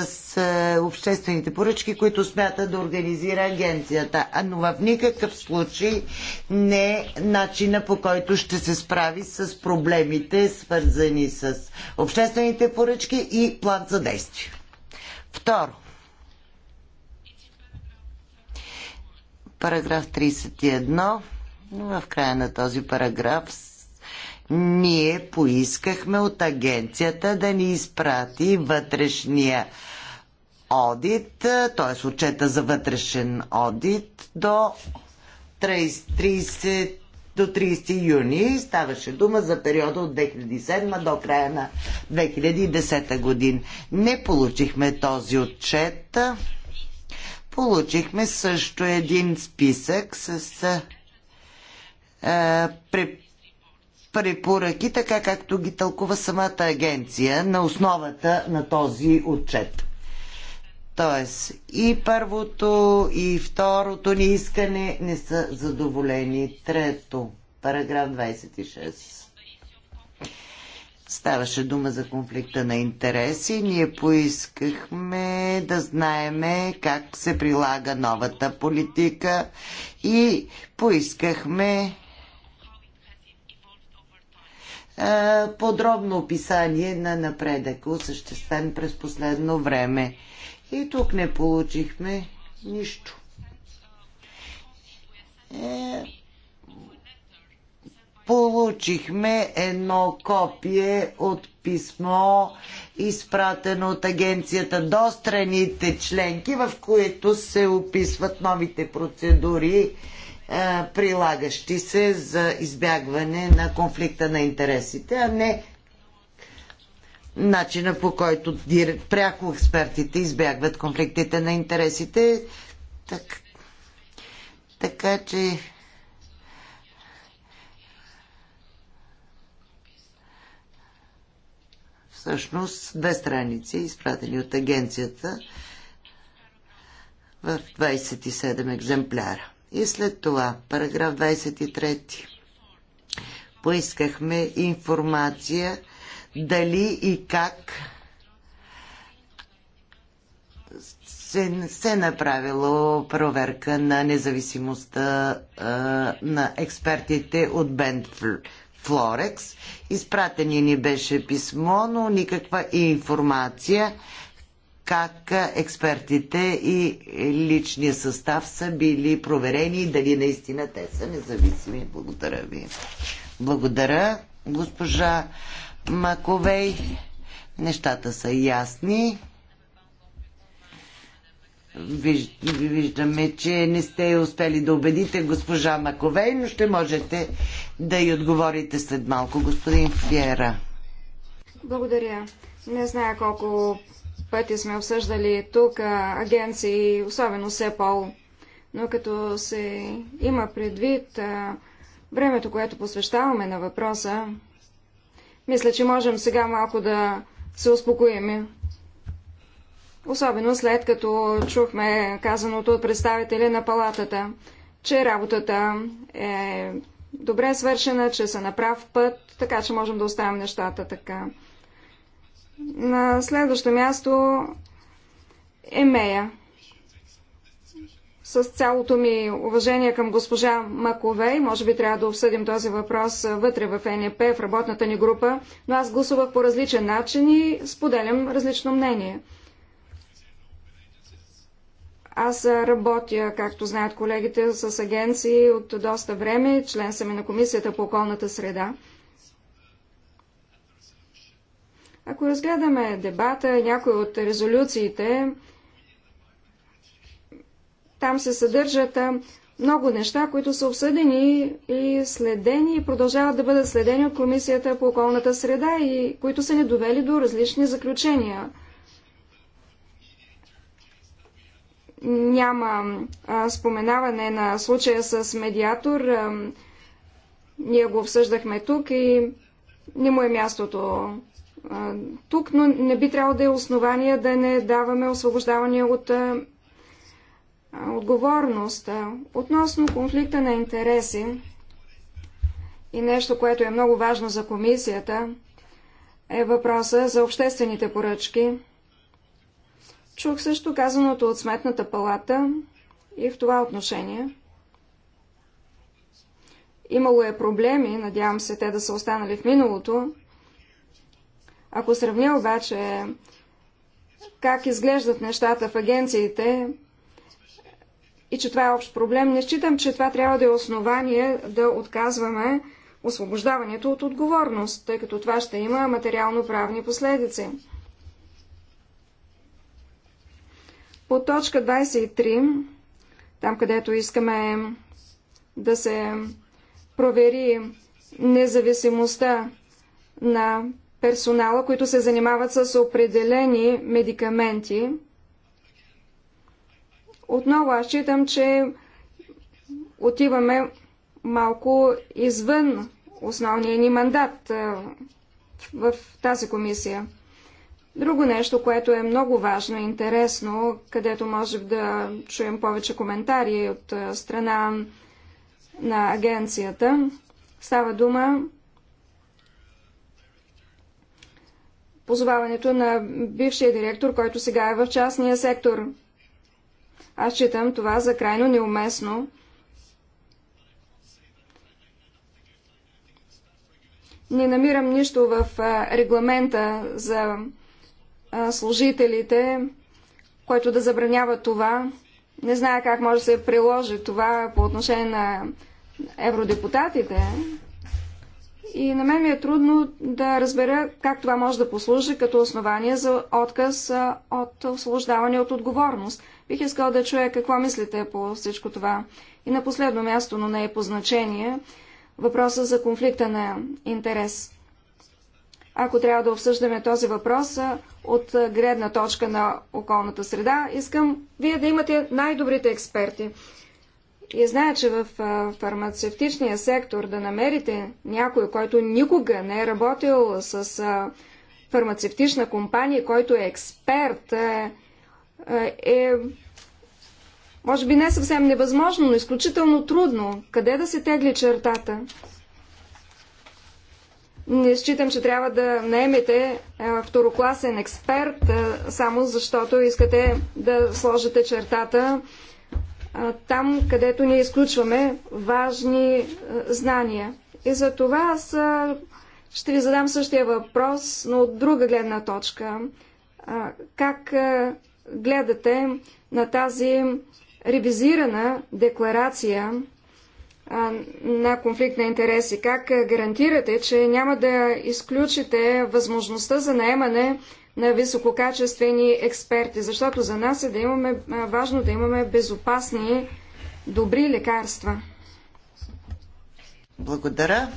е, обществените поръчки, които смята да организира агенцията. Но в никакъв случай не е начина по който ще се справи с проблемите, свързани с обществените поръчки и план за действие. Второ. Параграф 31. В края на този параграф ние поискахме от агенцията да ни изпрати вътрешния одит, т.е. отчета за вътрешен одит до 30, до 30 юни. Ставаше дума за периода от 2007 до края на 2010 годин. Не получихме този отчет. Получихме също един списък с е, препоръки, така както ги тълкува самата агенция на основата на този отчет. Тоест, и първото, и второто ни искане не са задоволени. Трето, параграф 26. Ставаше дума за конфликта на интереси. Ние поискахме да знаеме как се прилага новата политика и поискахме е, подробно описание на напредъка, осъществен през последно време. И тук не получихме нищо. Е, получихме едно копие от писмо, изпратено от агенцията до страните членки, в което се описват новите процедури прилагащи се за избягване на конфликта на интересите, а не начина по който пряко експертите избягват конфликтите на интересите. Так, така че. Всъщност две страници, изпратени от агенцията в 27 екземпляра. И след това, параграф 23. Поискахме информация дали и как се, се е направило проверка на независимостта а, на експертите от Бенд Флорекс. Изпратени ни беше писмо, но никаква информация как експертите и личния състав са били проверени и дали наистина те са независими. Благодаря ви. Благодаря, госпожа Маковей. Нещата са ясни. Виждаме, че не сте успели да убедите госпожа Маковей, но ще можете да й отговорите след малко, господин Фиера. Благодаря. Не зная колко пъти сме обсъждали тук агенции, особено СЕПОЛ, но като се има предвид времето, което посвещаваме на въпроса, мисля, че можем сега малко да се успокоим. Особено след като чухме казаното от представители на палатата, че работата е добре свършена, че са на прав път, така че можем да оставим нещата така. На следващо място Емея. С цялото ми уважение към госпожа Маковей, може би трябва да обсъдим този въпрос вътре в НЕП, в работната ни група, но аз гласувах по различен начин и споделям различно мнение. Аз работя, както знаят колегите, с агенции от доста време, член съм и на Комисията по околната среда. Ако разгледаме дебата някои от резолюциите, там се съдържат много неща, които са обсъдени и следени и продължават да бъдат следени от Комисията по околната среда и които са ни довели до различни заключения. Няма а, споменаване на случая с медиатор. А, ние го обсъждахме тук и не му е мястото тук, но не би трябвало да е основание да не даваме освобождаване от отговорност. Относно конфликта на интереси и нещо, което е много важно за комисията, е въпроса за обществените поръчки. Чух също казаното от Сметната палата и в това отношение. Имало е проблеми, надявам се те да са останали в миналото, ако сравня обаче как изглеждат нещата в агенциите и че това е общ проблем, не считам, че това трябва да е основание да отказваме освобождаването от отговорност, тъй като това ще има материално-правни последици. По точка 23, там където искаме да се провери независимостта на персонала, които се занимават с определени медикаменти. Отново аз считам, че отиваме малко извън основния ни мандат в тази комисия. Друго нещо, което е много важно и интересно, където можем да чуем повече коментари от страна на агенцията, става дума позоваването на бившия директор, който сега е в частния сектор. Аз считам това за крайно неуместно. Не намирам нищо в регламента за служителите, който да забранява това. Не зная как може да се приложи това по отношение на евродепутатите, и на мен ми е трудно да разбера как това може да послужи като основание за отказ от освобождаване от отговорност. Бих искал да чуя какво мислите по всичко това. И на последно място, но не е по значение, въпроса за конфликта на интерес. Ако трябва да обсъждаме този въпрос от гледна точка на околната среда, искам вие да имате най-добрите експерти. И знае, че в фармацевтичния сектор да намерите някой, който никога не е работил с фармацевтична компания, който е експерт, е, е, е може би не е съвсем невъзможно, но изключително трудно. Къде да се тегли чертата? Не считам, че трябва да наемете е, второкласен експерт, само защото искате да сложите чертата там, където ние изключваме важни знания. И за това аз ще ви задам същия въпрос, но от друга гледна точка. Как гледате на тази ревизирана декларация на конфликт на интереси? Как гарантирате, че няма да изключите възможността за наемане на висококачествени експерти, защото за нас е да имаме, важно да имаме безопасни, добри лекарства. Благодаря.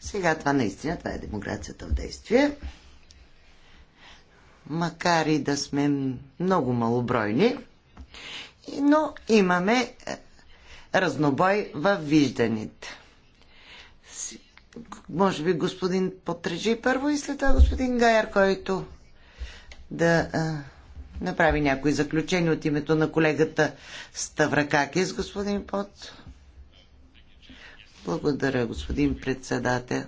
Сега това наистина, това е демокрацията в действие. Макар и да сме много малобройни, но имаме е, разнобой в вижданите може би господин Потрежи първо и след това господин Гайер, който да а, направи някои заключения от името на колегата Ставракакис, господин Пот. Благодаря, господин председател.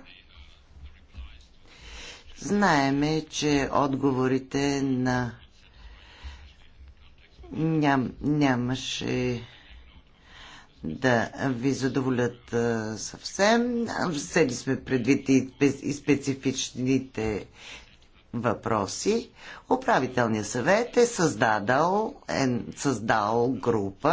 Знаеме, че отговорите на Ням, нямаше да ви задоволят съвсем. Взели сме предвид и специфичните въпроси. Управителният съвет е създадал, е създал група,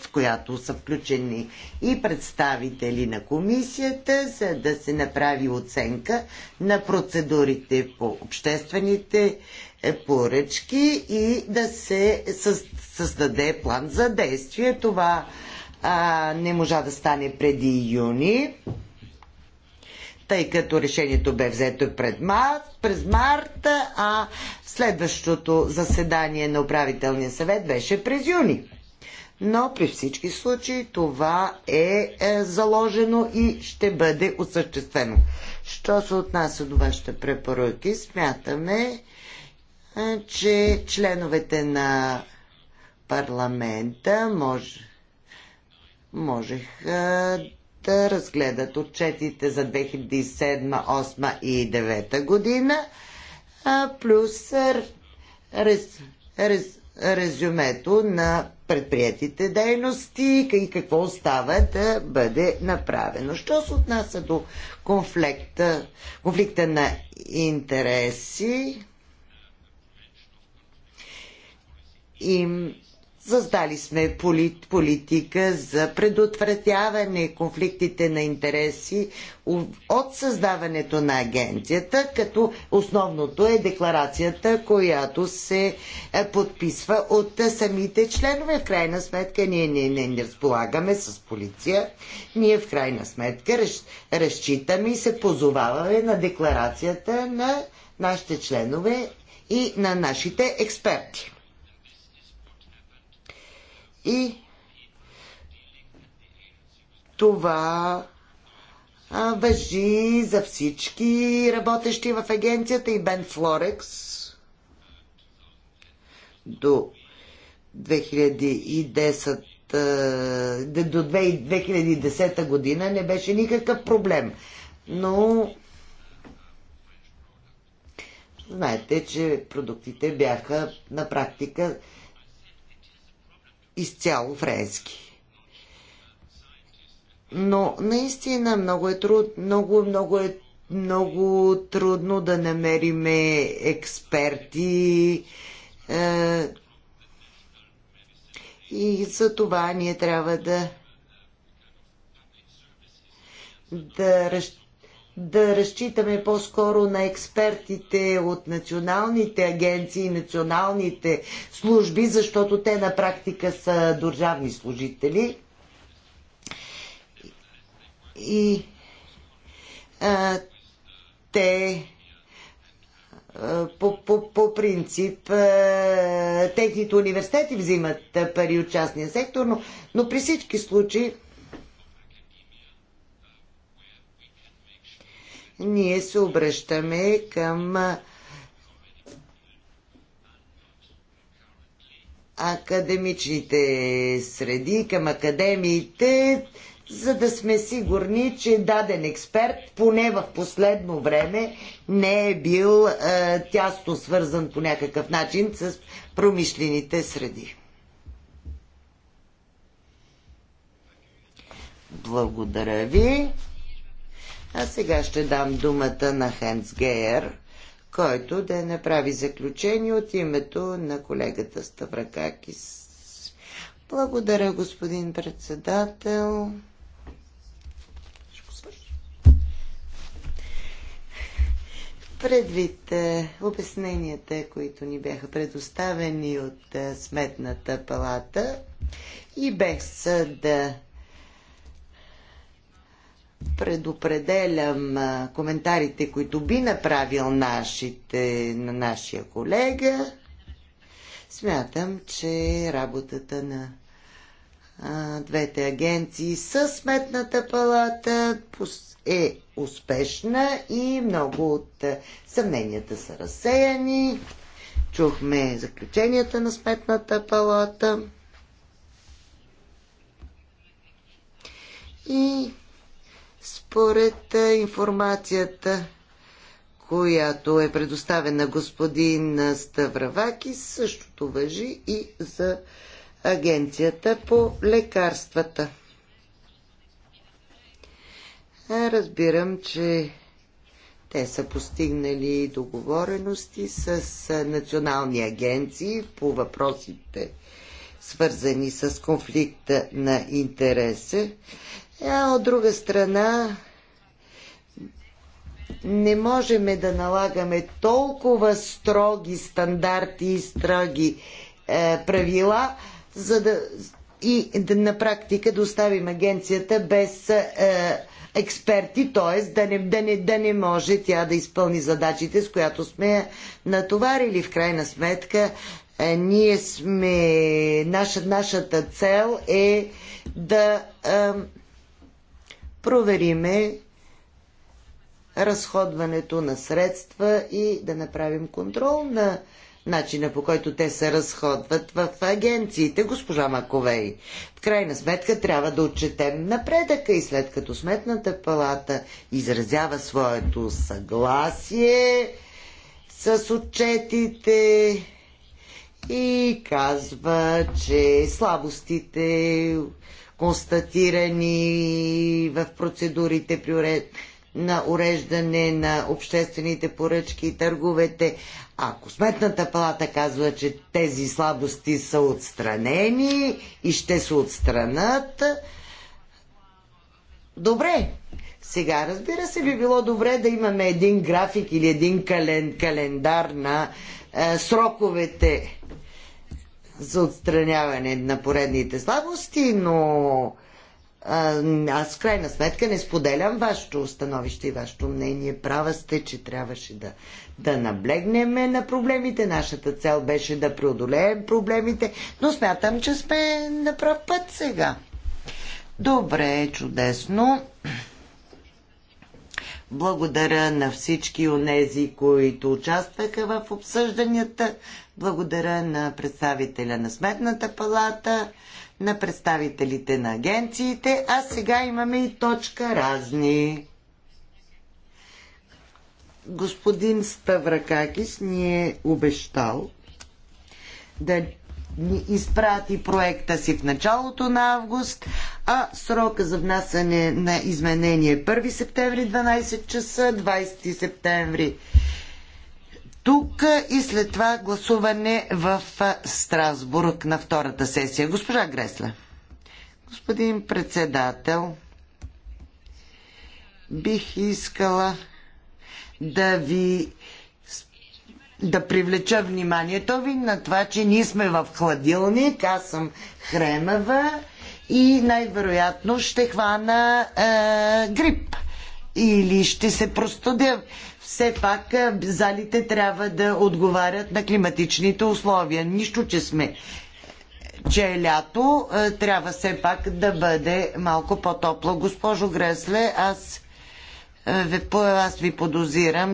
в която са включени и представители на комисията, за да се направи оценка на процедурите по обществените е, поръчки и да се създаде план за действие. Това а, не можа да стане преди юни, тъй като решението бе взето пред март, през март, а следващото заседание на управителния съвет беше през юни. Но при всички случаи това е, е заложено и ще бъде осъществено. Що се отнася до вашите препоръки, смятаме, е, че членовете на парламента може можех да разгледат отчетите за 2007, 2008 и 2009 година, плюс рез, рез, резюмето на предприятите дейности и какво остава да бъде направено. Що се отнася до конфликта, конфликта на интереси, им Създали сме полит, политика за предотвратяване конфликтите на интереси от създаването на агенцията, като основното е декларацията, която се е, подписва от е, самите членове. В крайна сметка ние не, не, не разполагаме с полиция, ние в крайна сметка раз, разчитаме и се позоваваме на декларацията на нашите членове и на нашите експерти. И това въжи за всички работещи в агенцията и Бен Флорекс до 2010 до 2010 година не беше никакъв проблем. Но знаете, че продуктите бяха на практика изцяло френски. Но наистина много е труд, много, много е много трудно да намериме експерти. Е, и за това ние трябва да да, раз, да разчитаме по-скоро на експертите от националните агенции, националните служби, защото те на практика са държавни служители. И а, те по, по, по принцип техните университети взимат пари от частния сектор, но, но при всички случаи ние се обръщаме към академичните среди, към академиите, за да сме сигурни, че даден експерт, поне в последно време, не е бил е, тясно свързан по някакъв начин с промишлените среди. Благодаря ви. А сега ще дам думата на Хенс Гейер, който да направи заключение от името на колегата Ставракакис. Благодаря, господин председател. Предвид е, обясненията, които ни бяха предоставени от е, Сметната палата и без е, да предопределям коментарите, които би направил нашите, на нашия колега. Смятам, че работата на а, двете агенции с Сметната палата е успешна и много от съмненията са разсеяни. Чухме заключенията на Сметната палата. И според информацията, която е предоставена господин Ставраваки, същото въжи и за агенцията по лекарствата. Разбирам, че те са постигнали договорености с национални агенции по въпросите, свързани с конфликта на интереси. А от друга страна, не можем да налагаме толкова строги стандарти и строги е, правила, за да и да, на практика да оставим агенцията без е, експерти, т.е. Да не, да, не, да не може тя да изпълни задачите, с която сме натоварили. В крайна сметка, е, ние сме. Наша, нашата цел е да. Е, провериме разходването на средства и да направим контрол на начина по който те се разходват в агенциите, госпожа Маковей. В крайна сметка трябва да отчетем напредъка и след като Сметната палата изразява своето съгласие с отчетите и казва, че слабостите констатирани в процедурите при уред на уреждане на обществените поръчки и търговете. Ако Сметната палата казва, че тези слабости са отстранени и ще се отстранат, добре. Сега, разбира се, би било добре да имаме един график или един кален, календар на е, сроковете за отстраняване на поредните слабости, но аз в крайна сметка не споделям вашето становище и вашето мнение. Права сте, че трябваше да, да наблегнем на проблемите. Нашата цел беше да преодолеем проблемите, но смятам, че сме на прав път сега. Добре, чудесно. Благодаря на всички онези, които участваха в обсъжданията. Благодаря на представителя на Сметната палата, на представителите на агенциите, а сега имаме и точка разни. Господин Ставракакис ни е обещал да ни изпрати проекта си в началото на август, а срока за внасяне на изменение е 1 септември 12 часа, 20 септември тук и след това гласуване в Страсбург на втората сесия. Госпожа Гресле. Господин председател, бих искала да ви да привлеча вниманието ви на това, че ние сме в хладилник, аз съм хренава и най-вероятно ще хвана е, грип или ще се простудя все пак залите трябва да отговарят на климатичните условия. Нищо, че сме че е лято, трябва все пак да бъде малко по-топло. Госпожо Гресле, аз ви, аз ви подозирам,